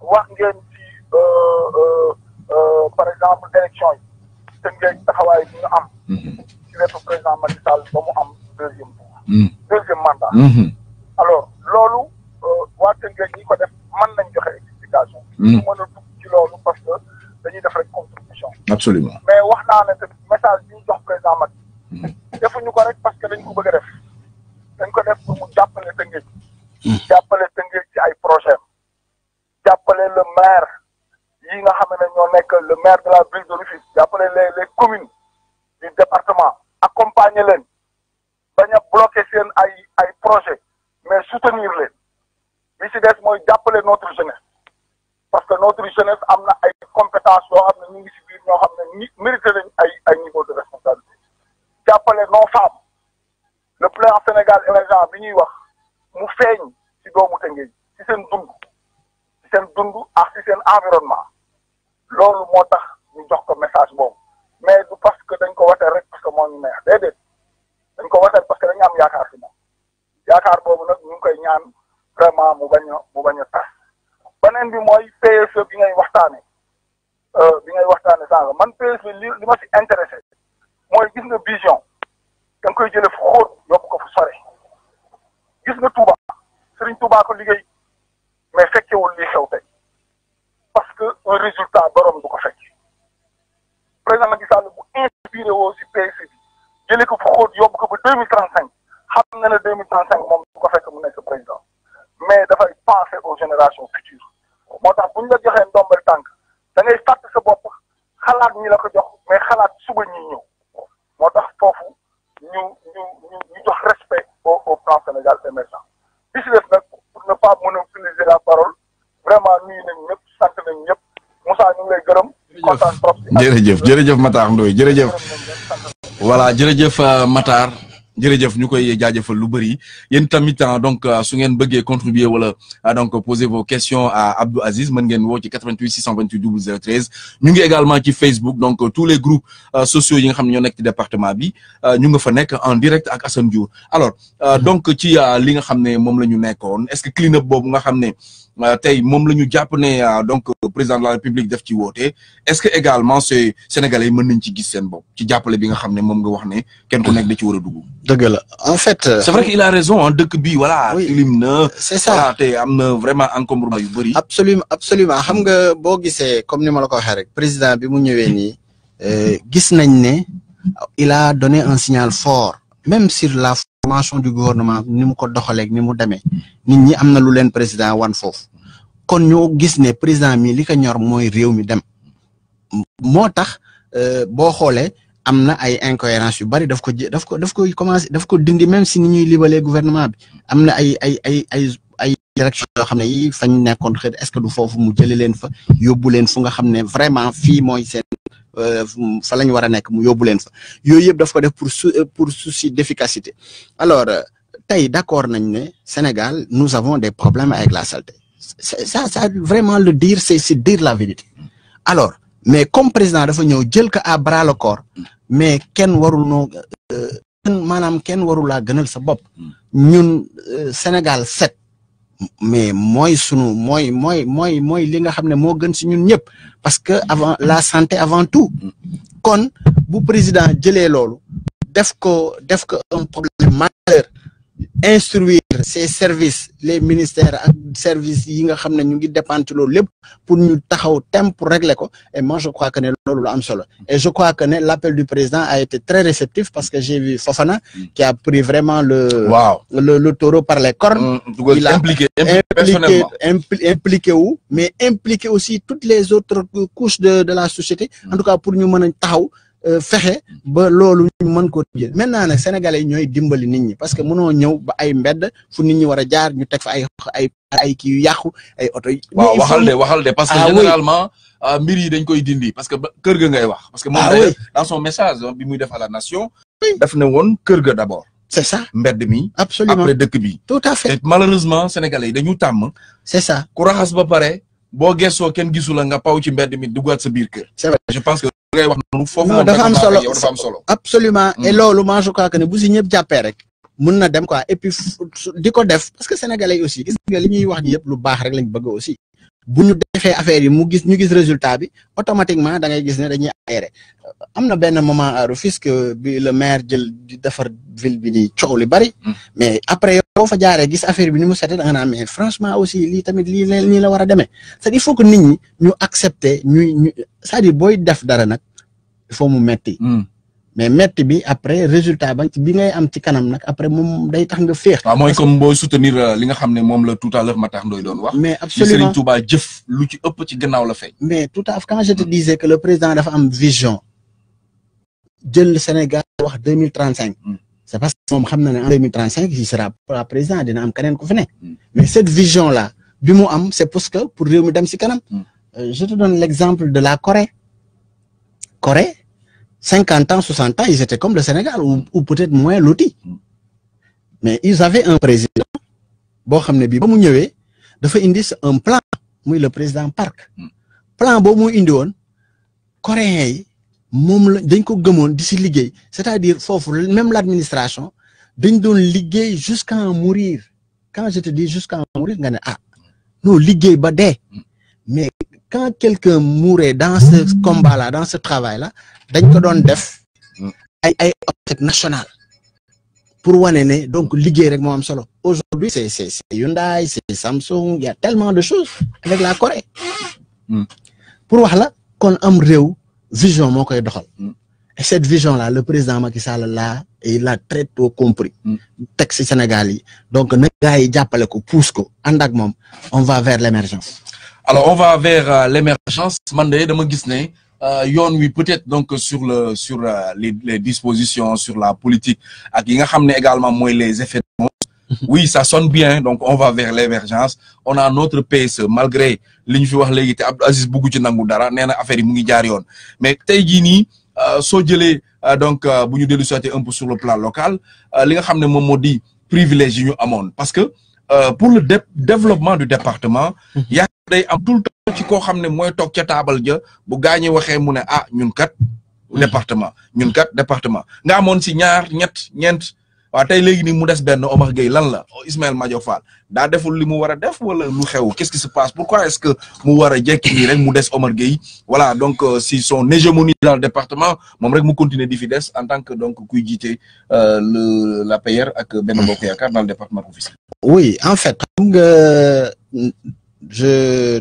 wax ngeen ci par exemple élection yi. te ngeeg taxawaay bi ñu am. Mhm. ci wetu président Macky Sall ba mu am deuxième tour. Mhm. deuxième mandat. Mhm. alors loolu euh, waa Tëngéej ñi ko def man nañ joxe explication. ñu mën a dugg ci loolu parce que dañuy def rek contribution. absolument mais wax naa ne tamit message bi ñu jox président Macky. defuñu ko rek parce que dañ ko bëgg def dañ ko def pour mu jàppale Tëngéej. jàppale Tëngéej ci ay projet am jàppale le maire. yi nga xam ñoo nekk le maire de la ville de Rufisque jàppale les les communes du département accompagner leen bañ a bloquer seen ay ay projet mais soutenir leen li ci des mooy notre jeunesse parce que notre jeunesse a na ay compétence yoo xam ne ñu ngi ci biir ñoo mérité nañ ay ay niveau de responsabilité jàppale nos femmes le plan Sénégal émergent bi ñuy wax mu feeñ ci doomu Tëngéej ci seen dund ci seen dund ak seen environnement loolu moo tax ñu jox ko message boobu mais du parce que dañ ko wateel rek parce que moo ñu neex déedéet dañ ko wateel parce que dañ am yaakaar si moom yaakaar boobu nag ñu ngi koy ñaan vraiment mu baño a mu bañ a tas beneen bi mooy PSE bi ngay waxtaane euh, bi ngay waxtaane sànq man PSE li li ma si intéressé mooy gis nga vision da koy jëlee fu xóot yóbbu ko fu sore gis nga Touba Serigne Touba ku liggéey kontaan trop. jërëjëf jërëjëf Matar Ndoye jërëjëf. voilà jërëjëf euh, Matar. jërëjëf ñu koy jaajëfal lu bëri yéen tamit ah, donc ah, su ngeen bëggee contribuer wala ah, donc poser vos questions à Abdou Aziz mën ngeen woo ci 88 628 0013 ñu ngi également ci Facebook donc tous les groupes sociaux yi nga xam ne ñoo nekk ci département bi ñu nga fa nekk en direct ak Assane Diour alors donc ci li nga xam ne moom la ñu nekkoon est-ce que clean up boobu nga xam ne. Euh, tey moom la euh, donc président de la république def ci woote est-ce que également ces sénégalais yi mën nañ ci gis sen bopp ci jappalé bi nga xamné mom nga wax né kenn ku nek da ci wara dugg. la en fait. Euh, c'est vrai qu'il a raison ah dëkk bi voilà. oui lim na. c'est ça voilà te am vraiment encombrement yu bari. absolument absolument xam nga bo gisee comme ni ma la ko waxee rek président bi mu ni euh gis nañ né il a donné un signal fort même sur la formation du gouvernement ni mu ko doxale ni mu nit ñi amna lu leen président wan Fofu. kon gis président mi li ñor moy réew mi dem motax euh bo xolé amna ay incohérence yu bari daf ko daf ko daf ko commencer daf ko dindi même si ni ñuy gouvernement bi amna ay ay ay ay direction yo xamné fañ nekkon est-ce que du mu leen fa fu nga vraiment fi moy euh, fa la wara nek mu yóbbu leen fa yoy yeb daf ko def pour euh, pour souci d'efficacité alors euh, tay d'accord nañ né Sénégal nous avons des problèmes avec la saleté ça ça vraiment le dire c'est c'est dire la vérité alors mais comme président dafa ñëw jël ka à bras le corps mais ken warul noo manam ken warul la gënal sa bop mm. ñun Sénégal 7 mais moi sunu suis moi moi moi parce que avant la santé avant tout kon bu président jëlé lolu def ko un problème majeur instruire ces services les ministères les services qui nga de ñu ngi pour ñu taxaw temps pour régler et moi je crois que c'est loolu et je crois que l'appel du président a été très réceptif parce que j'ai vu Fofana qui a pris vraiment le le le taureau par les cornes mm, il a impliqué impliqué impliqué mais impliqué aussi toutes les autres couches de la société mm. en tout cas pour nous faire taxaw euh, fexé ba lolu ñu mën ko tëjee maintenant nak sénégalais ñoy dimbali nit ñi parce que mëno ñëw ba ay mbedd fu nit ñi wara jaar ñu tek fa ay ay ay ki yu yaxu ay auto waxal de waxal de parce que ah généralement ah, mbir yi dañ koy dindi parce que kër ga ngay wax. parce que moom ah dans son message hein, bi muy def à la nation. def ne won kër ga d'abord c'est ça mbedd mi. absolument après dëkk bi. tout à fait malheureusement sénégalais dañu tam. C'est ça ku raxas ba paré bo gesso ken gisu nga paw ci mbedd mi duggaat sa bir kër. c' vrai je pense que. ngay wax noonu foofu moom dafa am solo dafa am solo absolument et hmm. loolu man je crois que ne bu ñëpp jàppee rek mun na dem quoi et puis ko def parce que sénégalais yi aussi gis nga li ñuy wax ñi yëpp lu baax rek lañ bëgg aussi bu ñu defee affaire yi mu gis ñu gis résultat bi automatiquement da ngay gis ne dañuy aéré am na benn moment à Rufisque bi le maire jël defar ville bi di coow li bari. Hmm. mais après yow fa jaaree gis affaire bi ni mu setee da nga mais franchement aussi lii tamit lii la nii la war a demee c'est il faut que nit ñi ñu accepter ñuy ñu cest booy def dara nag il faut mu metti hmm. mais métti bi après résultat ba bi ngay am ci kanam nak après mom day tax nga féex. waaw mooy comme boy soutenir euh, li nga xamné mom moom la tout à l'heure tax ndoy doon wax. mais absolument Serigne Touba jëf lu ci ëpp ci gannaaw la fay. mais tout à fait quand je te disais que le président dafa am vision jël Sénégal wax 2035 hmm. c'est parce que mom xam na ne en 2035 il sera pas président dina am kenen ku fi hmm. mais cette vision là bi mu am c'est parce que pour réew mi dem ci kanam. Hmm. Euh, je te donne l'exemple de la Corée. Corée. 50 ans, 60 ans, ils étaient comme le Sénégal, ou, peut-être moins loti. Mais ils avaient un président, bon xam ne bii ba un plan oui le président Park plan bon mu indi woon coréen la dañ ko c'est-à-dire sauf même l'administration dañ doon jusqu'à mourir quand je te dis jusqu'à mourir nga ah non liggéey ba quand quelqu'un mourait dans ce combat-là, dans ce travail-là, dañ ko don def mm. ay ay objectif national pour wané né donc liguer rek moi am solo aujourd'hui c'est Hyundai c'est Samsung il y a tellement de choses avec la Corée mm. pour wax la kon am rew vision moo koy doxal mm. et cette vision-là le président Macky Sall là, il l'a très tôt compris texte sénégalais donc na gaay jappalé ko pousse ko andak on va vers l'émergence alors on va vers euh, l'émergence Mandé de dama euh, peut-être donc sur le sur euh, les dispositions sur la politique également les effets oui ça sonne bien donc on va vers l'émergence on a notre PSE malgré les mais donc un peu sur le plan local Les nga qui ont parce que Euh, pour le développement du département yaakaar day am tout le temps ci koo xam ne mooy toog ca taabal ja bu gaañi waxee mu ne ah ñun kat hmm. département ñun kat département nga amoon si ñaar ñett ñeent waaw tey léegi nii mu dess ben Omar Gueye lan la oh, Ismaël Madior Fall daa deful li mu war def wala lu xew qu'est-ce qui se passe pourquoi est-ce que mu wara a jekki nii rek mu dess Omar Gueye voilà donc euh, si son hégémonie dans le département mom rek mu continuer di fi des en tant que donc kuy euh, le la PR ak ben Bokk Yaakaar dans le département de oui en fait xam nga je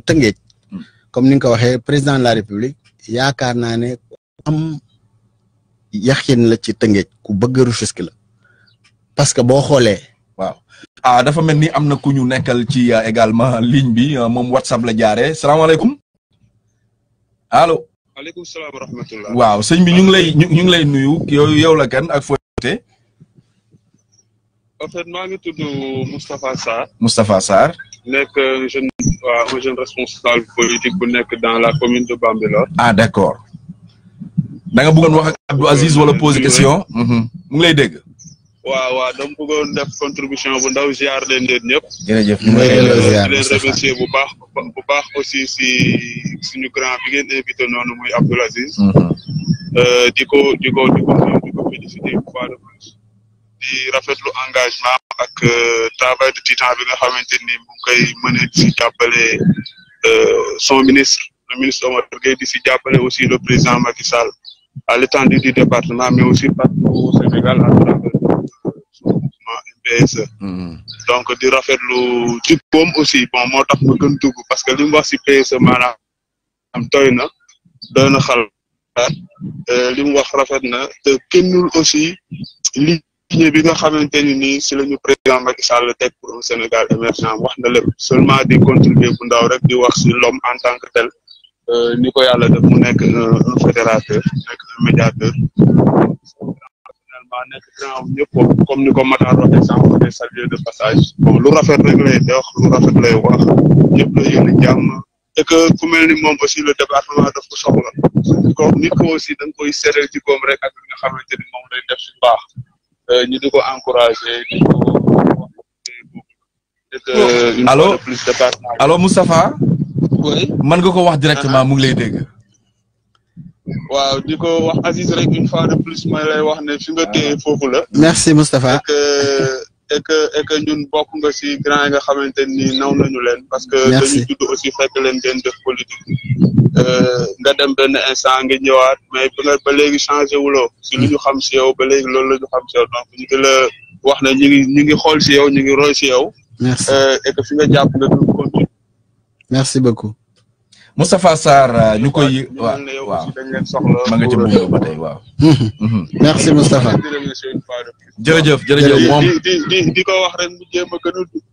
tëngeej hmm. comme ni nga ko waxee président de la république yaakaar naa ne am yaxin la ci tëngeej ku bëgg Rufisque la parce que boo xoolee waaw. ah dafa mel ni am na ku ñu nekkal ci euh, également ligne bi euh, moom WhatsApp la jaaree salaamaaleykum allo. maaleykum salaam wa waaw sëñ bi ñu ngi lay ñu ngi lay nuyu yow yow la kan ak fooy wootee. en fait maa ngi tudd Moustapha Sarr. Moustapha nekk euh, jeune waaw responsable politique bu nekk dans la commune de Bambilor. ah d' accord. da nga wax ak Abdou Aziz wala poser question. Mhm. mu lay dégg. waaw waaw dama bëggoon def contribution bu ndaw ziar leen leen ñëpp. jërëjëf ñu euh, bu baax bu baax aussi si suñu grand bi ngeen invité noonu muy Abdoul Aziz. Mhm. Euh, di ko di ko di ko di ko félicité bu baax de plus di rafetlu engagement ak euh, travail de titan bi nga xamante ni mu ngi koy mëne si jàppale son ministre le ministre Omar Gueye di si jàppale aussi le président Macky Sall à l'étendue du département mais aussi partout au Sénégal PS mm-hmm. donc di rafetlu pom aussi bon motax ma gën dugg parce que li mu wax ci PS e maanaam toy na doy na euh li mu wax rafet na te kennul aussi li ligne bi nga xamanteni ni ci lañu président Macky Sall tek pour le Sénégal émergent wax na lepp seulement di contribuer bu ndaw rek di wax ci l'homme en tant que tel euh niko yalla def mu nek un fédérateur nek un médiateur Tamba nekk grand ñëpp comme ni ko Matar waxee sànq koy saluer lu rafet rek lay dox lu rafet lay wax ñëpp la yéen a jàmm ku mel ni moom aussi le département daf ko soxla ko nit ko aussi da nga koy seetal jikkoom rek ak li nga xamante ni moom lay def si baax euh, ñu di ko encouragé di ko alo allo Moustapha. mën nga ko wax directement ah, ah. mu ngi lay dégg. waaw di ko wax Aziz rek une fois de plus may lay wax ne fi nga ah. téye foofu la. merci Moustapha. et que et que ñun bokk nga si grand yi nga xamante ni naw nañu leen. parce que dañu judd aussi fekk leen ngeen def politique. Euh, nga dem benn instant nga ñëwaat mais ba nga ba léegi changé wuloo si lu ñu xam si yow ba léegi loolu la ñu xam si yow donc ñu ngi la wax ne ñu ngi ñu ngi xool si yow ñu ngi roy si yow. merci euh, et que fi nga jàpp nga du continuer. merci beaucoup. Moustapha Sarr euh, ñu koy. waaw waaw ma nga ca buum ba tey waaw. Mhm. Mhm. merci Moustapha. jërëjëf jërëjëf moom di di di ko wax rek mu a gën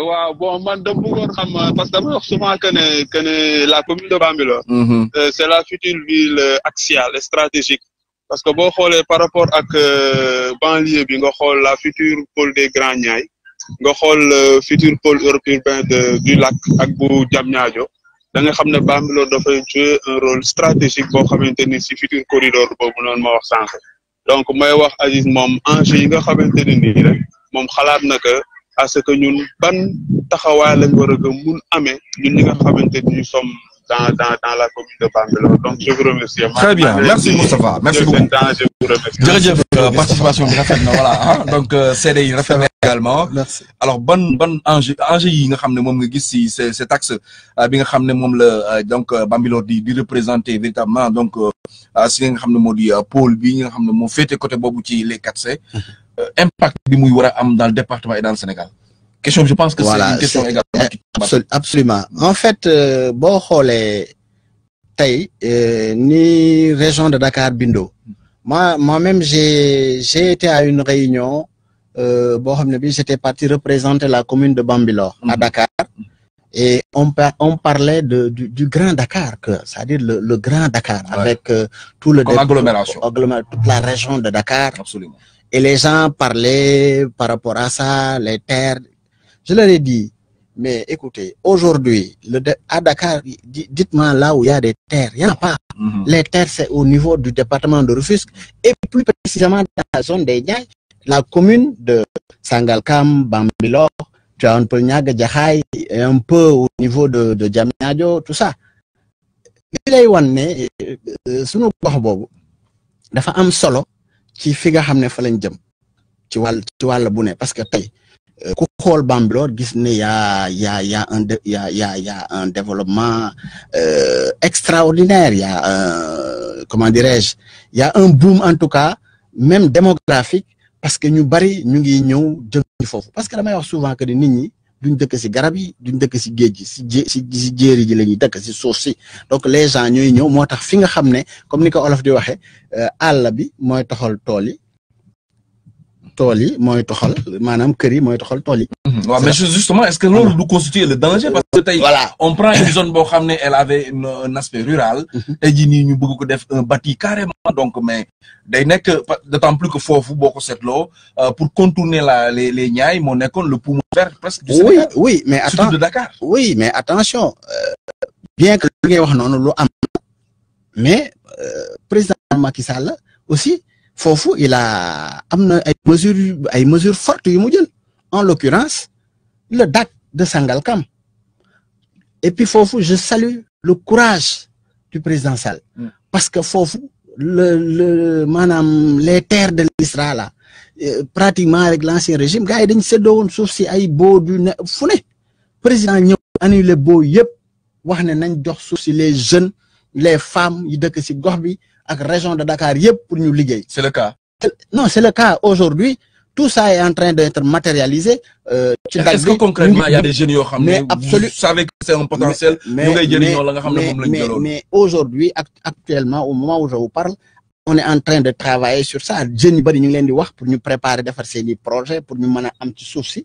waaw bon man parce que la commune de mhm. euh, la future ville euh, axiale stratégique. parce que par rapport à euh, banlieue la future pôle des Grands nga future futur pôle du lac ak bu jouer un rôle stratégique pour maintenir ni futur corridor donc may wax Aziz moom enjeu nga rek à ce que ñun ban taxawaay lañ war a gën mun amee ñun nga xamanté ñu som dans dans dans la commune de Bambilor donc je vous remercie. très bien merci Mustafa merci beaucoup je vous remercie. jërëjëf euh, participation bi rafet na voilà ah donc euh, c'est yi rafet également. merci alors ban ban ange enjeu yi nga xamné mom nga gis ci ces cet axe euh, bi nga xamné mom le donc Bambilor di di représenter véritablement donc si nga xam ne moo di pôle bi nga xam ne moo côté boobu ci les 4C. Euh, impact du Mouyoura dans le département et dans le Sénégal question je pense que c'est une question également absolument en fait euh, bon, est tey euh, ni région de Dakar bindo moi même j'ai été à une réunion Euh, j'étais parti représenter la commune de Bambilor à mm-hmm. Dakar et on, on parlait du, Grand Dakar, c'est-à-dire le, Grand Dakar, avec tout le... agglomération. Toute la région de Dakar. Absolument. Et les gens parlaient par rapport à ça, les terres. Je leur ai dit, mais écoutez, aujourd'hui, à Dakar, dites-moi là où il y a des terres. Il n'y en a pas. Mhm. Les terres, c'est au niveau du département de Rufusque et plus précisément dans la zone des Niaï, la commune de Sangalkam, Bambilor, tu as et un peu au niveau de, de tout ça. Il y a solo, qui fi nga xam fa lañ jëm ci parce que tay euh, ku a, gis un un développement euh, extraordinaire comment dirais-je a un boom en tout cas même démographique parce que nous bari ñu ngi ñëw parce que la wax souvent que ni nit duñ dëkk si garab yi duñ dëkk si géej gi si si si jéeri ji la ñuy dëkk si suuf si donc les gens ñooy ñëw moo tax fi nga xam ne comme ni ko olof di waxee euh, àll bi mooy taxal tool yi tool moy mooy toxal maanaam kër yi mooy toxal tool mhm. mais justement est-ce que loolu du constituer le danger. parce que tey voilà on prend une zone bo xamné elle avait un aspect rural. Mhm. tey di ni ñu bëgg ko def un bâti carrément donc mais day de d'autant plus que fofu boko setlo loi euh, pour contourner la les les Niayes mo nekkoon le poumon vert presque. du oui oui mais attends oui mais attention. Euh, bien que ngay wax lu am mais euh, président Macky Sall aussi. Fofu, il a amna ay mesures ay mesures fortes en l'occurrence le DAC de Sangalkam et puis Fofou je salue le courage du président Sall mm. parce que Fofou le le les terres de l'Israël, euh, pratiquement avec l'ancien régime gars yi dañ se choses qui ay du fune président beau annuler bo yëpp wax ne nañ dox si les jeunes les femmes yi dëkk que gox bi la région de Dakar pour nous liggéey. c'est le cas. non c'est le cas aujourd'hui tout ça est en train d'être matérialisé. Euh, est-ce que concrètement il y a des génies qui xam vous savez que c'est un potentiel. mais aujourd'hui actuellement au moment où je vous parle. on est en train de travailler sur ça Les yu bari ñu ngi pour nous préparer à faire ces projets, pour nous mettre un petit souci.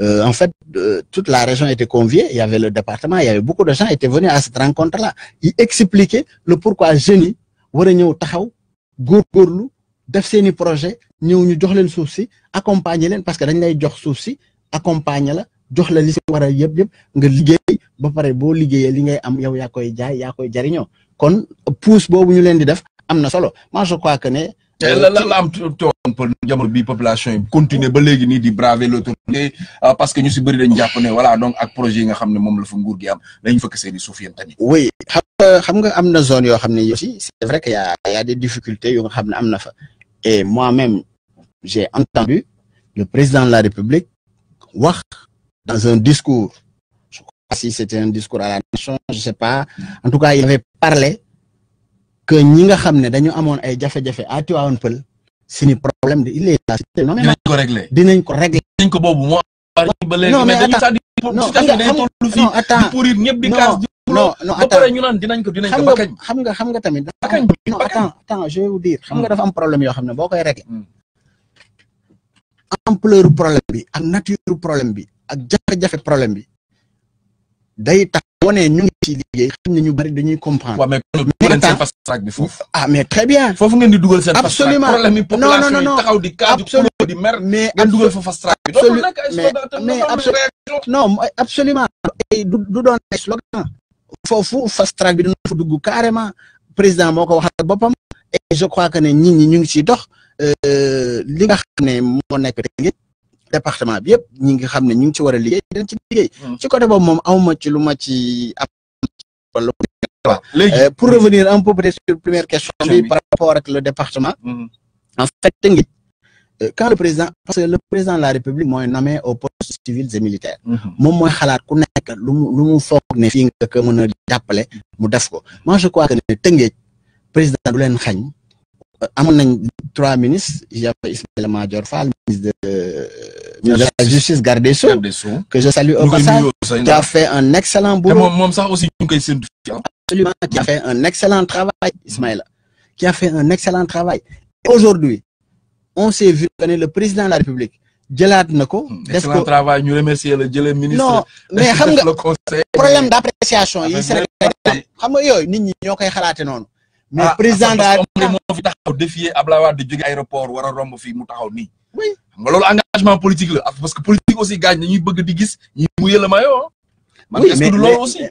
Euh, en fait, euh, toute la région était conviée, il y avait le département, il y avait beaucoup de gens qui étaient venus à cette rencontre-là. Ils expliquaient le pourquoi jeunes yi war a ñëw taxaw góorgóorlu def seeni projet ñëw ñu jox leen suuf accompagner leen parce que dañ lay jox suuf si accompagner la jox la li wara yeb yeb nga liggéey ba pare bo liggéeyee li ngay am yow yakoy jaay yakoy jariño kon pousse boobu ñu leen di def amna solo moi je crois que ne oui c'est vrai qu'il y a des difficultés et moi-même j'ai entendu le président de la République dans un discours je pas c'était un discours à la nation je sais pas en tout cas il avait parlé que ñi nga xam dañu amone ay jafé jafé à Tivaouane Peul sini problème de il est là. dinañ ko régler dinañ ko régler. dinañ ko mo bari ba légui mais dañu sa di. non xam nga non attends di pourrir ñëpp di kaas di. non non attends ñu nan dinañ ko dinañ ko ba xam nga xam nga tamit. ba no, attends attends je vais vous dire. xam nga hmm. dafa am problème yo xam bokay régler. Hmm. ampleur problème bi ak nature problème bi ak jafé jafé problème bi day tax woné ñu ngi mais ah mais très bien. ngeen di non non fast non absolument non absolument du président et je crois que nous ñi euh, département euh, pour mm-hmm. revenir un peu peut-être sur première question bi par rapport avec le département. Mm-hmm. en fait euh, quand le président parce que le président de la république mooy nommé au poste civil et militaire. Moi, mm-hmm. moi, xalaat ku nekk lu lu ne fii que ko mën mu def ko moi je crois que le président de leen xañ euh, nañ trois ministres il y a Ismaël Madior Fall ministre de la justice garde sceaux que je salue au passage qui a fait un excellent boulot moi sax aussi hein. absolument qui a fait un excellent travail Ismaël qui a fait un excellent travail et aujourd'hui on s'est vu donner le président de la République jëlaat Nkou. Hmm, excellent travail nous remercier le ministre. le conseil problème d'appréciation yi Sénégal xam nga yoy nit ñi mais ah, président daal moo fi taxaw défier Abdoulaye Wade di aéroport war romb fii mu taxaw ni oui xam nga loolu engagement politique la parce que politique aussi gagne dañuy bëgg di gis ñuy mouiller le maillot. oui mais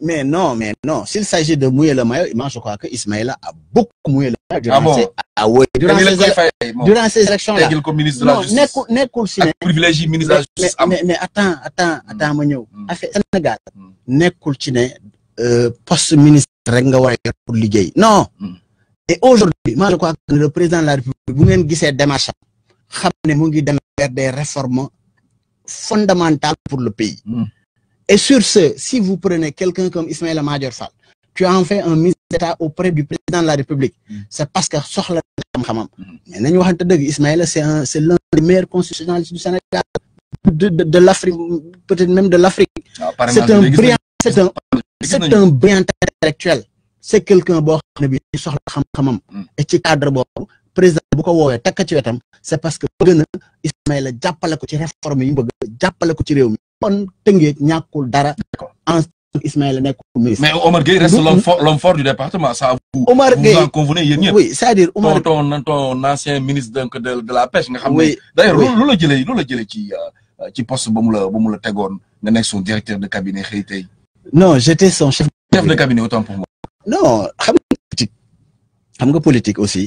mais non mais non s'il s'agit de mouiller le maillot moi je crois que Ismaïla a beaucoup mouillé le maillot. ah bon ah oui durant ces durant ces élections là non de la Justice. ne. ne, ak privilégie ministre de la justice am mais mais attends attends mm. attends ma ñëw. Mm. affaire Sénégal mm. nekkul ci ne euh, poste ministre rek nga war a yor pour liggéey non et aujourd'hui moi je crois que le président de la république vous n'avez pas démarche xam ne ngi des réformes fondamentales pour le pays mm. et sur ce si vous prenez quelqu'un comme Ismaël Major Fall tu en fait un ministre d'État auprès du président de la république mm. c'est parce que soxla xam mm. mais nous c'est c'est l'un des meilleurs constitutionnels du Sénégal de de, l'Afrique peut-être même de l'Afrique ah, c'est un un c'est un brillant intellectuel c'est quelqu'un boo xam ne bi dañu soxla xam-xamam hmm. et ci cadre boobu président bu ko woowee takk ci c'est parce que bëgg na Ismaïla jàppale ko ci réforme yi bëgg jàppale ko ci réew mi kon Tëngéej ñàkkul dara en ismaël n'est ministre mais Omar Gueye reste l'homme fort du département ça vous Omar Gueye vous en convenez oui c'est-à-dire Omar ton ton ancien ministre donc de de la pêche nga xam d'ailleurs loolu la jëlee loolu la jëlee ci euh, ci poste ba mu la ba nga son directeur de cabinet xëy non j'étais son chef de cabinet autant pour moi non xam nga politique xam nga politique aussi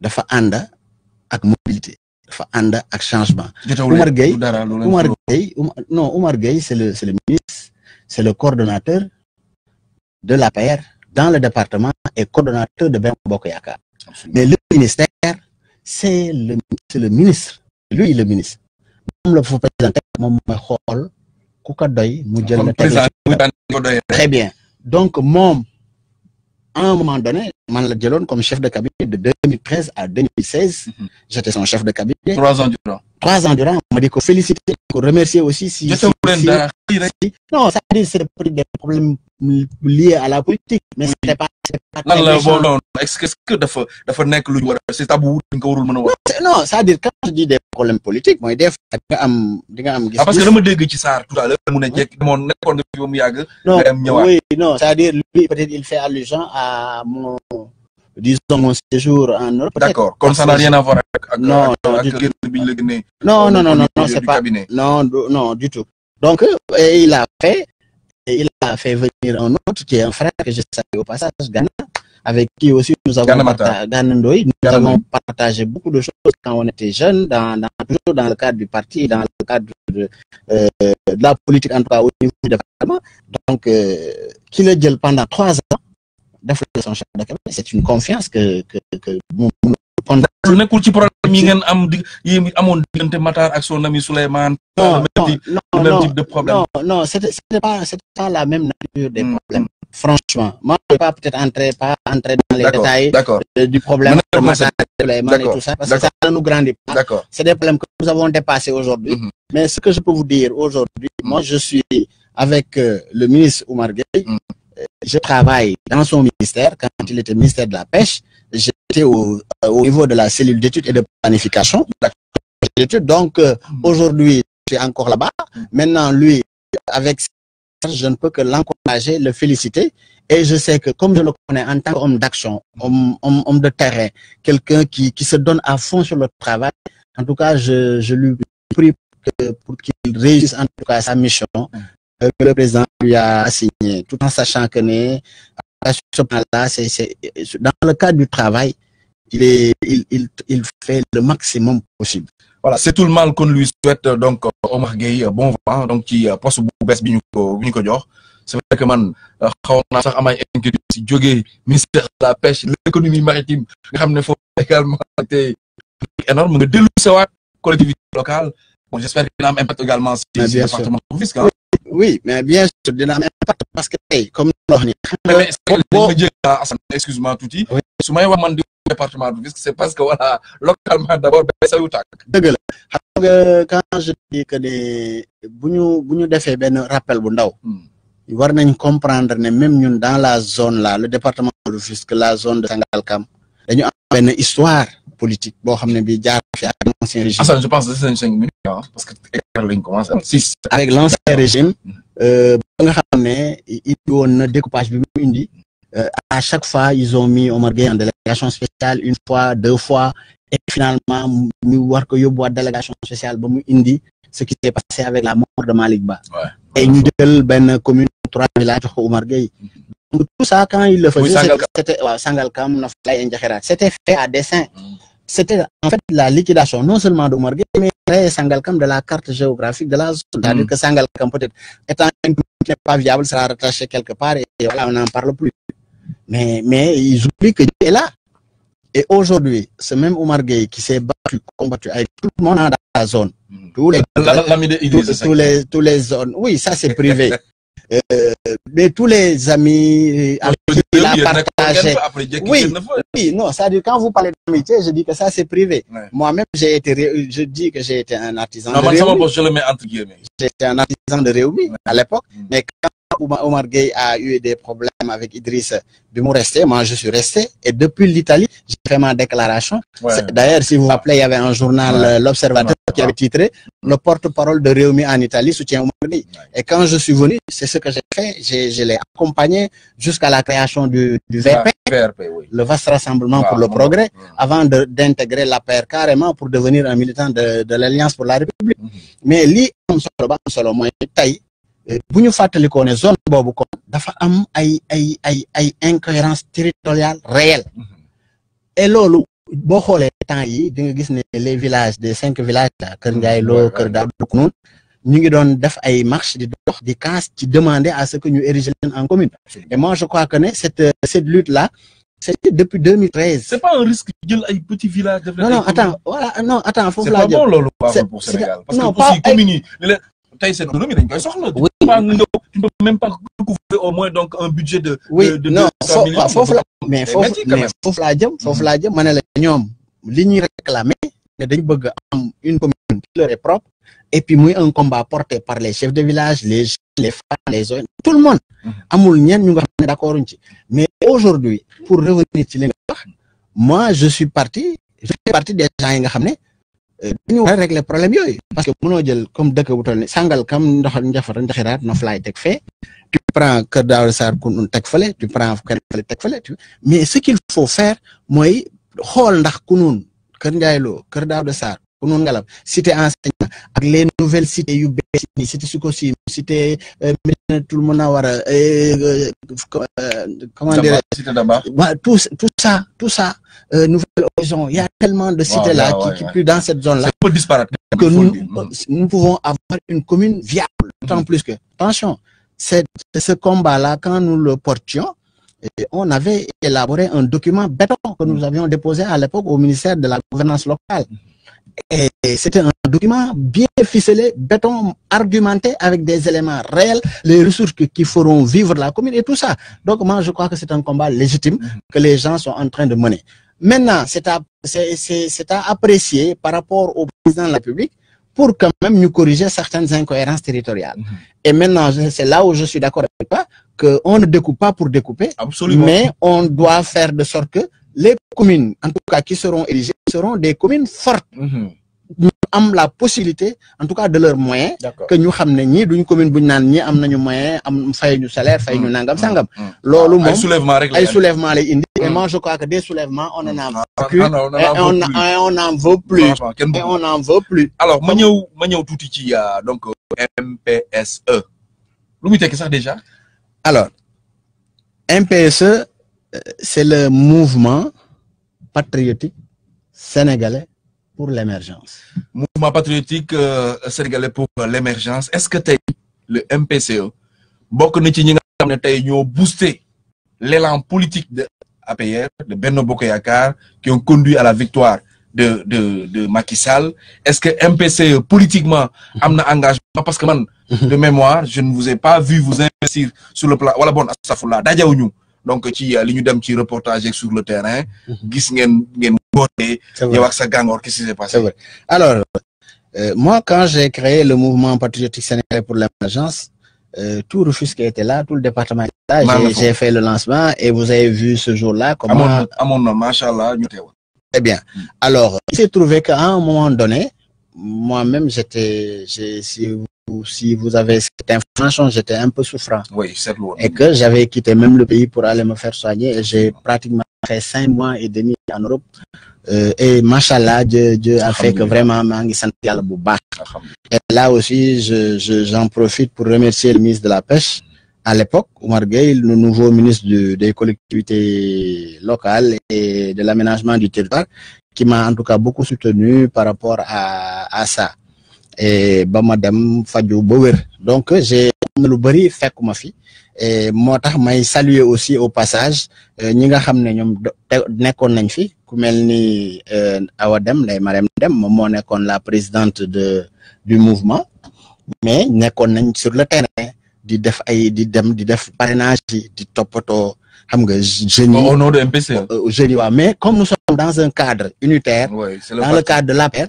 dafa anda ak mobilité dafa anda ak changement Oumar Gueye Oumar Gueye non Oumar Gueye c'est le c'est le ministre c'est le coordonnateur de l'APR dans le département et coordonnateur de Ben Bokoyaka. mais le ministère c'est le c'est le ministre lui le ministre Comme le président présenter, présenter. très bien donc mon à un moment donné, man la Djelon, comme chef de cabinet de 2013 à 2016. Mhm. j'étais son chef de cabinet. trois ans durant. trois ans durant ma dit ko féliciter ko remercier aussi. si si si non ça dit dire c'est des problèmes liés à la politique. mais c'était pas c'était pas. la est-ce que dafa dafa nekk lu ñu c'est tabou dañ ko warul mën a non ça veut dire quand je dis des problèmes politiques moi des fois di am di nga am. ah parce que dama dégg ci Sarr tout à l'heure mu ne jekk demoon nekkoon nga fi ba mu yàgg. non oui non ça veut dire lui peut-être il fait allusion à mon disons mon séjour en Europe. D'accord, comme ça n'a rien à voir avec, euh, non, non, le Non, non, non, non, non c'est pas. Non, non, du tout. Donc, euh, il a fait, il a fait venir un autre qui est un frère que je savais au passage, Ghana, avec qui aussi nous avons, partagé, beaucoup de choses quand on était jeunes, dans, toujours dans le cadre du parti, dans le cadre de, euh, la politique, en tout au niveau du département. Donc, euh, qu'il le pendant trois ans, dafa son champ de campagne c'est une confiance que que que moom pond lu nekkul ci problème yi ngeen am di yi amoon diggante Matar ak son ami Souleymane non non non type de problème non non c'était c'était pas c'était pas la même nature des problèmes franchement moi je vais pas peut-être entrer pas entrer dans les détails du problème de Matar et tout ça parce que ça ne nous grandit pas c'est des problèmes que nous avons dépassés aujourd'hui mais ce que je peux vous dire aujourd'hui moi je suis avec le ministre Oumar Gueye je travaille dans son ministère, quand il était ministère de la Pêche, j'étais au, euh, niveau de la cellule d'études et de planification. Donc, euh, mm. aujourd'hui, je suis encore là-bas. Maintenant, lui, avec je ne peux que l'encourager, le féliciter. Et je sais que comme je le connais en tant qu'homme d'action, homme, de terrain, quelqu'un qui, qui, se donne à fond sur le travail, en tout cas, je, je lui prie pour qu'il réussisse en tout cas sa mission mm. Euh, le président lui a signé tout en sachant que euh, là, euh, dans le cadre du travail, il, est, il, il, fait le maximum possible. Voilà, c'est tout le mal qu'on lui souhaite. Donc, Omar Gueye, bon vent. Hein, donc, qui passe au bout de la C'est vrai que man, on a ça à ma inquiétude. Djogé, ministère de la Pêche, l'économie maritime, il faut également été énorme. de délouer collectivité locale. Bon, J'espère qu'il a un impact également sur ah, le département fiscal oui mais bien sûr la même parce que comme ni ma excuse-moi tuuti. su may wax man le département puisque c'est parce que voilà localement d'abord ça vous yu quand je dis que les Si ñu bu fait un rappel bu ndaw. Hmm. war nañ comprendre ne même ñun dans la zone là le département du fisc, la zone de Sangalkam dañu ben histoire politique bo xamné bi jaar fi ak l'ancien régime. je pense que c'est 5 minutes hein, parce que lañ commencé six. avec l'ancien régime mm-hmm. euh, ba nga xamné ne indi na découpage bi mu indi euh, à chaque fois ils ont mis Omar Gueye en délégation spéciale une fois deux fois et finalement ñu war ko yóbbuwaat délégation spéciale ba mu indi ce qui s'est passé avec la mort de Malick Ba. et ñu jël ben commune trois villages jox Omar Gueye. Mm-hmm tout ça, quand il le faisait, oui, c'était c'était fait à dessein. Hmm. C'était en fait la liquidation non seulement de Morgue, mais Sangalkam de la carte géographique de la zone. Hmm. C'est-à-dire que Sangalkam, peut-être, étant une qui n'est pas viable, sera rattaché quelque part et voilà, on n'en parle plus. Mais, mais ils oublient que Dieu est là. Et aujourd'hui, ce même Omar Gueye qui s'est battu, combattu avec tout le monde dans la zone. Hmm. Tous les, tous, les, tous les zones. Oui, ça c'est privé. Euh, mais tous les amis euh, Oui, oui, non, ça dit, quand vous parlez d'amitié, je dis que ça c'est privé. Moi-même, j'ai été, euh, je dis que j'ai été un artisan de J'étais un artisan de Réoubi à l'époque, mm. mais quand Omar Gueye a eu des problèmes avec Idriss mot resté, moi je suis resté. Et depuis l'Italie, j'ai fait ma déclaration. D'ailleurs, si vous vous rappelez, il y avait un journal, euh, L'Observateur, qui avait titré Le porte-parole de Réumi en Italie soutient Omar Gueye. Et quand je suis venu, c'est ce que j'ai fait. Je l'ai accompagné jusqu'à la création du, du le vaste rassemblement pour le progrès, avant d'intégrer la PR carrément pour devenir un militant de, l'Alliance pour la République. Mm-hmm. Mais lui, selon moi, eh, buñu fatali ko né zone bobu kon dafa am ay ay ay ay incohérence territoriale réelle mm-hmm. et lolu bo xolé temps yi di nga gis les villages des cinq villages que nous avons, Lo Kër Daaru Kunun ñu ngi doon def ay marches di dox di casse ci demander à ce que ñu érige en commune et moi je crois que né cette cette lutte là c'était depuis 2013 c'est pas un risque de jël ay village villages non non attends voilà non attends faut la c'est pas bon pour pour Sénégal parce que aussi eh, communes tu ne peux même pas couvrir au moins donc un budget de. de de non mais il faut faut laa il faut laa jëm ma ne la li réclamer une commune qui leur est propre et puis a un combat porté par les chefs de village les les femmes les hommes, tout le monde. Il mm-hmm. faut ñu nga d'accord mais aujourd'hui pour revenir sur li nga moi je suis parti je suis parti des gens qui nga dit dañu war régler problème yooyu parce que mënoo jël comme dëkk bu toll ni sàngal kam ndox njafara njaxiraat noflaay teg fee tu prends Kër Daawda sar Kundun teg fële tu prends Kër fële teg fële mais ce qu'il faut faire mooy xool ndax Kunun Kër Ndiaye Lo Kër Daawda cité Enseignant, avec les nouvelles cités yu Cité Sukosim, cité euh, le euh, cité euh, comment dire tout tout ça tout ça nouvelle il y a tellement de cités là qui plus dans cette zone là que nous pouvons avoir une commune viable mm-hmm. tant plus que attention c'est ce combat là quand nous le portions on avait élaboré un document béton que nous mm-hmm. avions déposé à l'époque au ministère de la gouvernance locale mm-hmm. Et c'était un document bien ficelé, béton, argumenté avec des éléments réels, les ressources qui feront vivre la commune et tout ça. Donc moi, je crois que c'est un combat légitime que les gens sont en train de mener. Maintenant, c'est à, apprécier par rapport au président de la République pour quand même nous corriger certaines incohérences territoriales. Mhm. Et maintenant, c'est là où je suis d'accord avec toi, qu'on ne découpe pas pour découper, Absolument. mais on doit faire de sorte que les communes, en tout cas, qui seront éligées seront des communes fortes. Nous mhm. avons la possibilité, en tout cas, de leurs moyens, que nous avons ni commune qui ni ni moyen, am salaire, mhm. Mhm. soulèvement Et moi, je crois que des soulèvements, on en a plus. Et on n'en veut plus. Alors, MPSE. Euh, MPSE c'est le mouvement patriotique sénégalais pour l'émergence. Mouvement patriotique euh, sénégalais pour l'émergence. Est-ce que le MPCE, beaucoup de gens boosté l'élan politique de APR, de Benno Bokoyakar, qui ont conduit à la victoire de, de, Macky Sall. Est-ce que MPCE, politiquement, a un engagement Parce que, man, de mémoire, je ne vous ai pas vu vous investir sur le plan. Voilà, bon, donc y a euh, ñu dem ci reportage sur le terrain. Mhm. qu'est-ce qui s'est passé. alors euh, moi quand j'ai créé le mouvement patriotique sénégalais pour l'émergence euh, tout Rufus qui était là, tout le département était là. J'ai fait le lancement et vous avez vu ce jour-là comment. À mon nom, Très bien. Mm. Alors, il s'est trouvé qu'à un moment donné, moi-même, j'étais, si si vous avez cette information, j'étais un peu souffrant. Oui, c'est lourd. Et que j'avais quitté même le pays pour aller me faire soigner et j'ai pratiquement fait cinq mois et demi en Europe. Euh, et machallah Dieu, Dieu a fait que vraiment Mangi ngi sant et là aussi j'en profite pour remercier le ministre de la pêche à l'époque Omar Gueye le nouveau ministre des collectivités locales et de l'aménagement du territoire qui m'a en tout cas beaucoup soutenu par rapport à à ça et ba madame dem faju ba donc j'ai am na lu bëri fekkuma fi et moi tax may saluer aussi au passage euh, ñi nga xam ne ñoom comme nañ fi ku mel ni euh, Awa Deme Ndeye Marème Deme moom moo la présidente de du mouvement mais nekkoon nañ sur le terrain di def ay di dem di def parrainage di toppatoo xam nga jeunes au nom de MPC euh, jeunes yi mais comme nous sommes dans un cadre unitaire dans le cadre de la paix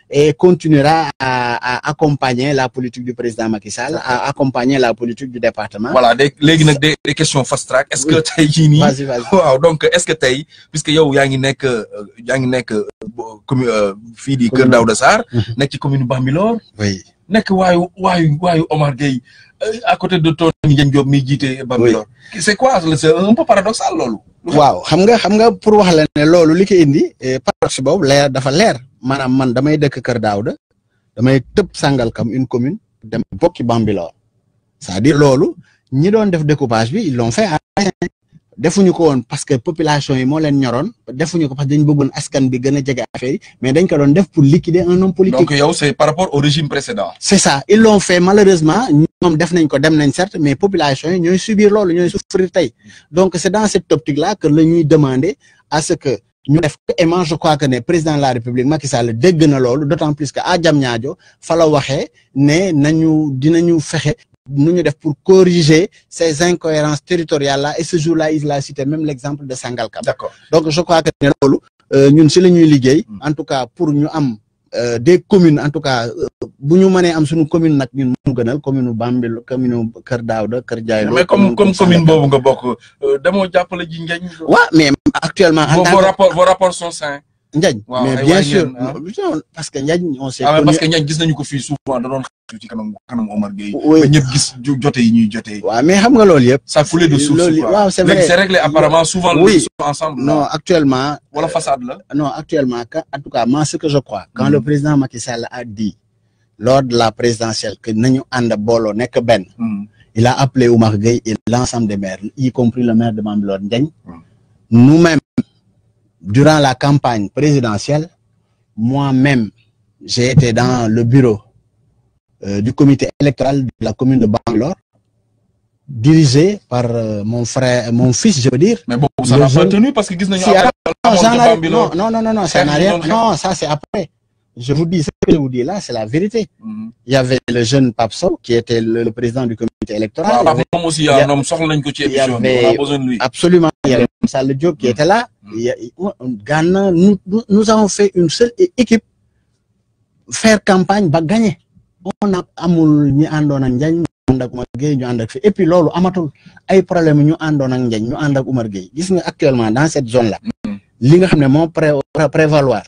et continuera à, à, accompagner la politique du président Macky Sall, à accompagner la politique du département. Voilà, les des questions fast track. est-ce que tu es waaw donc est-ce que tey puisque yow yaa ngi nekk euh, yaa ngi nekk euh, commune euh, fii di Kër Daouda Sarr. Mhm. nek commune Bambilor. oui Nek waayu Wayou, Wayou, Omar Gueye à côté de toi, Ndiagne Diop mi et Bambilor. c'est quoi c'est un peu paradoxal loolu. waaw xam nga xam pour wax la ne loolu li ko indi eh, paradoxe boobu leer dafa manam man damay dëkk Kër Daouda damay tëb kam une commune dem bokki Bambilor c'est-à-dire loolu ñi doon def découpage bi ils l'ont fait defuñu ko woon parce que population yi moo leen ñoroon defuñu ko parce que dañ bëggoon askan bi gën a jege affaire yi mais dañ ko doon def pour liquider un homme politique. donc yow c'est par rapport au régime précédent. c'est ça ils l'ont fait malheureusement ñoom def nañ ko dem nañ certes mais population yi ñooy subir loolu ñooy souffrir tey donc c'est dans cette optique là que la ñuy demander à ce que et moi je crois que le président de la république Macky Sall d'autant plus que à nañu dinañu pour corriger ces incohérences territoriales là et ce jour-là il a cité même l'exemple de Sangalkam d'accord donc je crois que nous, euh, hmm. en tout cas pour nous euh, des communes en tout cas euh, bu ñu am commune ñun commune mais comme comme commune mais actuellement vos, rapports, vos rapports sont sains. Ah. mais bien sûr parce que Ndiagne on s'est ah, connu parce que Ndiagne gis nañu ko fii souvent da doon xatu ci kanam Omar Gueye. oui ñëpp gis qui yi ñuy mais xam nga ça foulait de source quoi c'est vrai que réglé apparemment souvent. oui ensemble non actuellement. la façade là. non actuellement euh, en tout cas moi ce que je crois. quand hmm. le président Macky Sall a dit lors de la présidentielle que nañu ànd booloo nekk Ben il a appelé Omar Gueye et l'ensemble des maires y compris le maire de Bambilor nous-mêmes, durant la campagne présidentielle, moi-même, j'ai été dans le bureau euh, du comité électoral de la commune de Bangalore, dirigé par euh, mon frère, euh, mon fils, je veux dire. Mais bon, ça n'a pas tenu parce que... pas. non, non, non, non, ça n'a rien. Non, ça c'est après je vous dis, ce que je vous dis là, c'est la vérité. Mhm. Il y avait le jeune Papso, qui était le, président du comité électoral. Ah, il y avait, aussi, a, un homme un homme sort il y avait, on a besoin de lui. Absolument. Il y avait Moussa Le Diop qui mhm. était là. Mhm. Il y nous, nous, avons fait une seule équipe faire campagne, pour gagner. On a amul ni andon ak andak Omar Gueye ñu fi et puis lolu amatul ay problème ñu andon ak Ndiagne ñu andak Omar Gueye gis nga actuellement dans cette zone là. li nga xamné pré prévaloir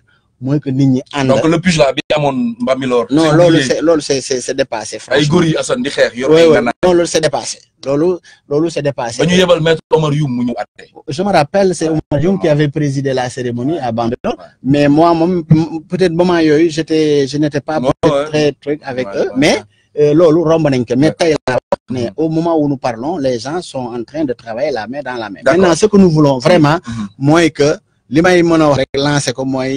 mooy que nit ñi donc le puge là bi amoon Mbambilor. non loolu c'est c'est c'est dépassé. franchement ay góor yi Assane di xeex yor ay non loolu c'est dépassé. Lolo, loolu c'est dépassé. ba ñu yebal maître Omar Youm ñu je me rappelle c'est Omar Youm qui avait présidé la cérémonie à Bambilor. mais moi moom peut-être moment yooyu j'étais je n'étais pas. très truc avec eux mais. Euh, loolu romb mais tey la wax mm-hmm. au moment où nous parlons les gens sont en train de travailler la main dans la main. maintenant ce que nous voulons vraiment mm-hmm. moi, que li may mën wax rek lancer ko moy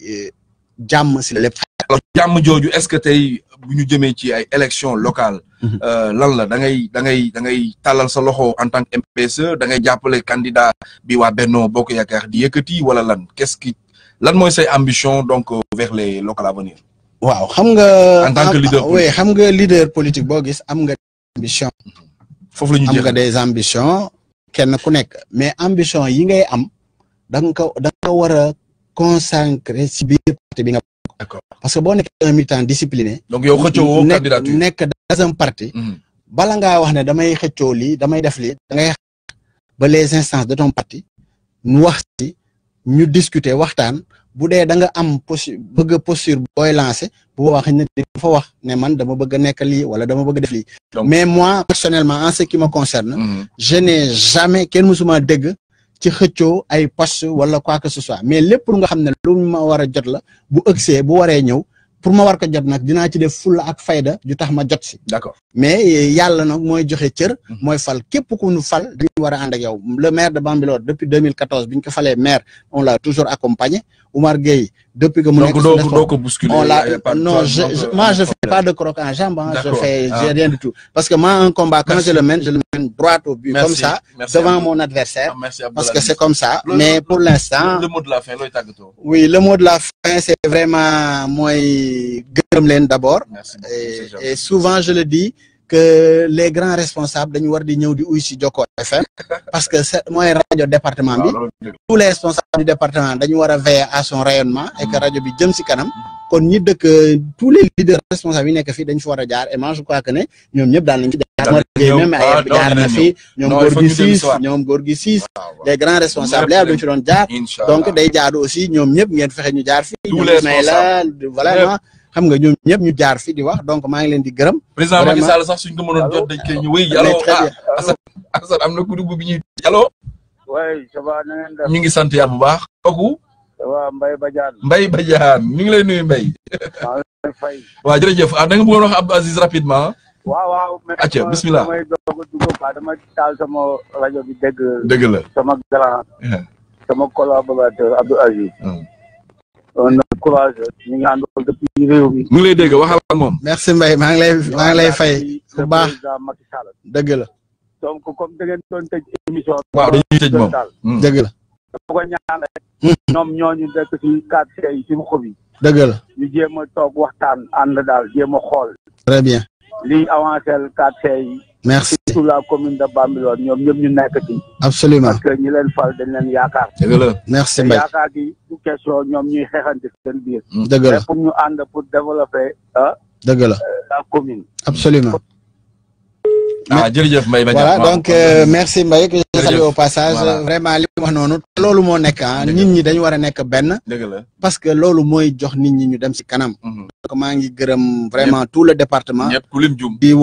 eh, jam si lépp. alors jàmm jooju est-ce que tay buñu ñu ci ay élections locales. Mhm. Euh, lan la da ngay da ngay da ngay talal sa loxo en tant que MPSE da ngay jappelé candidat bi wa Benno Bokk Yaakaar di yëkëti wala lan qu'est-ce qui lan moy say ambition donc euh, vers les local à venir. waaw xam nga. en tant que leader politique xam nga leader politique bo gis am nga ambition. fofu lañu ñu am nga des ambitions kenn ku nek mais ambition yi ngay am da nga ko da nga war a consacré si parti bi nga d'accord parce que boo nekkee un militant discipliné. donc yow xëccoo candidature nek dans un parti. Mhm. bala nga wax ne damay xëccoo li damay def li da ngay ba les instances de ton parti ñu wax ci ñu discuter waxtaan bu dee da nga am posture bëgg posture booy lancé bu boobaa xëy fa wax ne man dama bëgg nek li wala dama bëgg def li mais moi personnellement en ce qui me concerne. Mhm. je n'ai jamais kenn musuma dégg. ci xëccoo ay poste wala quoi que mais lépp lu nga xam ne lu ma war a jot la bu ëgsee bu waree ñëw pour ma war ko jot nak dina ci def fulla ak fayda ju tax ma jot ci d'accord mais yalla nak moy joxe cieur moy mhm. fal kep ku nu fal di wara a ak yow le maire de Bambilor depuis 2014 biñ ko falé maire on l'a toujours accompagné Oumar Gueye. depuis que mon ex... donc doo bousculer on l'a non je moi je fais pas de croque en jambe hein, je fais j'ai ah. rien du tout parce que moi un combat quand je le mène je le mène droit au but comme ça devant mon adversaire ah, parce que c'est comme ça mais pour l'instant le mot de la fin oui le mot de la fin c'est vraiment mooy Gremlin d'abord et souvent je le dis que les grands responsables de war di ñëw di parce que c'est département tous les responsables du département dañu wara à son rayonnement et que mm. radio bi jëm kanam kon ñi que tous les leaders responsables yi nekk fi dañu et moi je crois que né ñom ñëpp nañ même les responsables donc aussi xam nga ñoom ñëpp ñu jaar fi di wax donc ma ngi leen di gërëm. président Macky Sall sax suñu ko mënon jot dañ koy ñu wëy yalo ah Assane Assane ku dugg bi ñuy yalo way ça va na ngeen def ñi ngi sant yalla bu baax. kooku. ça va Mbaye Badiane. Mbaye Badiane ñu ngi lay nuy mbay wa jere jeuf da nga bëggoon wax Abdou Aziz rapidement. wa wa mais acca bismillah may doog a dugg ba dama taal sama radio bi dégg. dëgg la sama grand. Eh. sama collaborateur Abdou Aziz. on ah. courage ñu ngi àndoon depuis réew mi. mu ngi lay dégg waxal ak moom. merci Mbaye maa ngi lay maa ngi lay fay. bu baax dëgg la. donc comme da ngeen doon tëj émission. waaw dañuy tëj moom hmm. dëgg la. dafa ko ñaan rek. Hmm. ñoom ñooñu dëkk ci quartier yi ci xob yi. a toog waxtaan ànd daal jéem a xool. très bien. liy avancé quartier yi. merci surtout la commune de Bambilor ñoom ñëpp ñu nekk ci. absolument parce que leen fal dañ leen yaakaar. dëgg la merci gi du question ñoom ñuy xeexante seen biir. dëgg la pour ñu ànd pour développer ah. dëgg la euh, la commune. absolument donc merci Mbaye que je salue au passage vraiment ah, nit parce que jox nit ñi ñu dem kanam mhm. vraiment tout le département di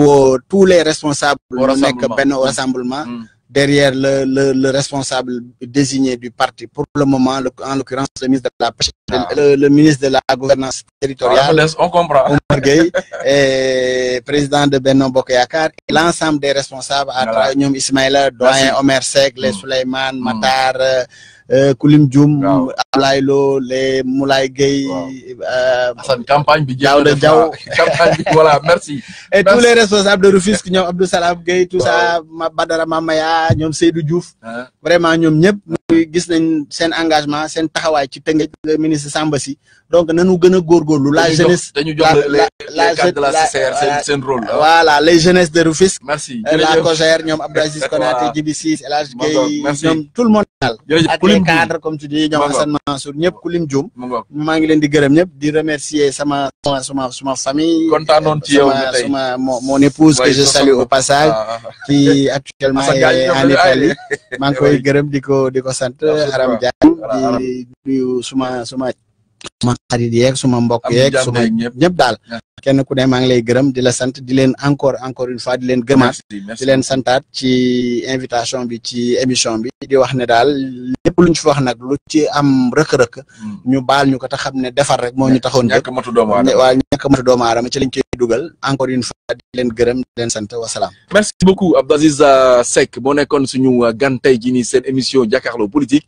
tous les responsables nek ben rassemblement derrière le, responsable désigné du parti. Pour le moment, en l'occurrence, le ministre de la ah. le, ministre de la Gouvernance territoriale, on comprend. Gueye, et président de Benno Bokeyakar, et l'ensemble des responsables, à voilà. Doyen, Omer Sek, les mm. Mm. Matar, euh, Euh, Kulim Dioum. waaw Ablaye Lo les Moulay Gueye. Euh, Assane campagne bi. Daouda Diaw campagne bi voilà merci. et tous les responsables de Rufisque ñoom Abdou Salam Gueye. tout ça Badara Mamaya ñoom Seydou Diouf. Ah. vraiment ñoom ñëpp. gis nañ seen engagement seen taxawaay ci Tëngéej ministre Samba Sy donc nanu gën a góorgóorlu la jeunesse dañu jox la la seen rôle de Rufisque euh, la COJER ñoom Abdou Aziz Konaté Djibi Ciss El ñoom tout le monde ay cadre comme tu dis ñoom Assane Mansour ñëpp ku lim juum ngi leen di gërëm ñëpp di remercier sama sama sama suma famille kontaanoon ci yow tey sama mon épouse que je salue au passage ah. qui actuellement est en Italie maa ngi koy gërëm di ko di ko sant Aram Diagne di nuyu suma suma suma xarit yeeg suma mbokk yeeg suma ñëpp daal kenn ku ne maa ngi lay gërëm di la sant di leen encore encore une fois di leen gërëmaat di leen santaat ci invitation bi ci émission bi di wax ne daal lépp luñ fi wax nag lu ci am rek rëkk mm. ñu baal ñu ko te xam ne defar rek moo ñu taxoon jóg waaw ñàkk matu doomu aadama ci lañ ci dugal encore une fois di leen gërëm leen sant wasalaam merci beaucoup Abdou Aziz euh, Seck moo nekkoon suñu euh, gan tey jii ni seen émission jàkkaarloo politique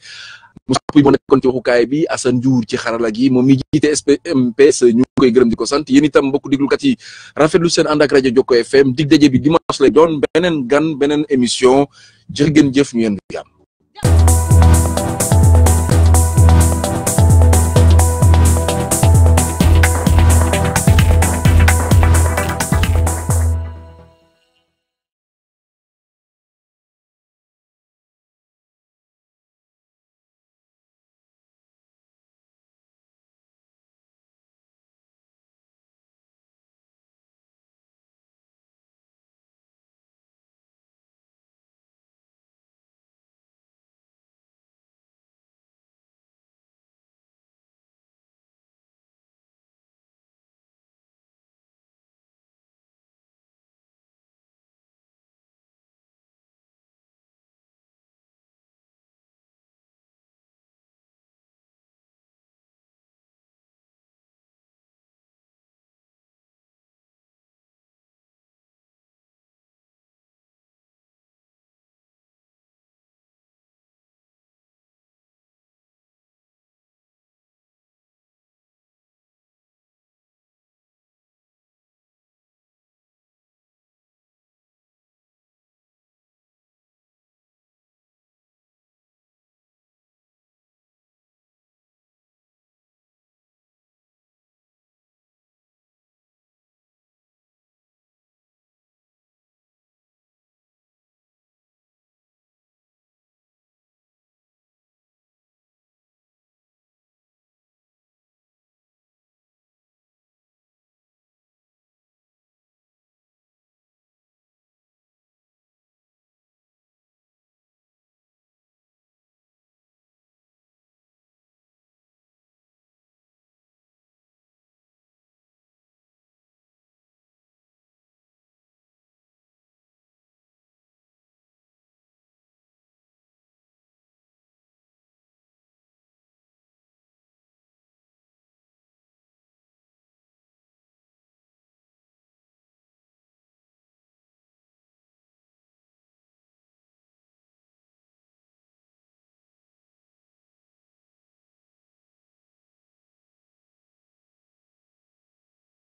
Moussa Pouy moo nekkoon ci waxukaay bi assan Diour ci xarala gi moom mi jiite SPMPS ñu koy gërëm di ko sant yéen itam mbokku déglukat yi rafetlu seen ànd ak rajo Jokko FM dig daje bi dimanche lay doon beneen gan beneen émission jërë ngeen jëf ñu yéen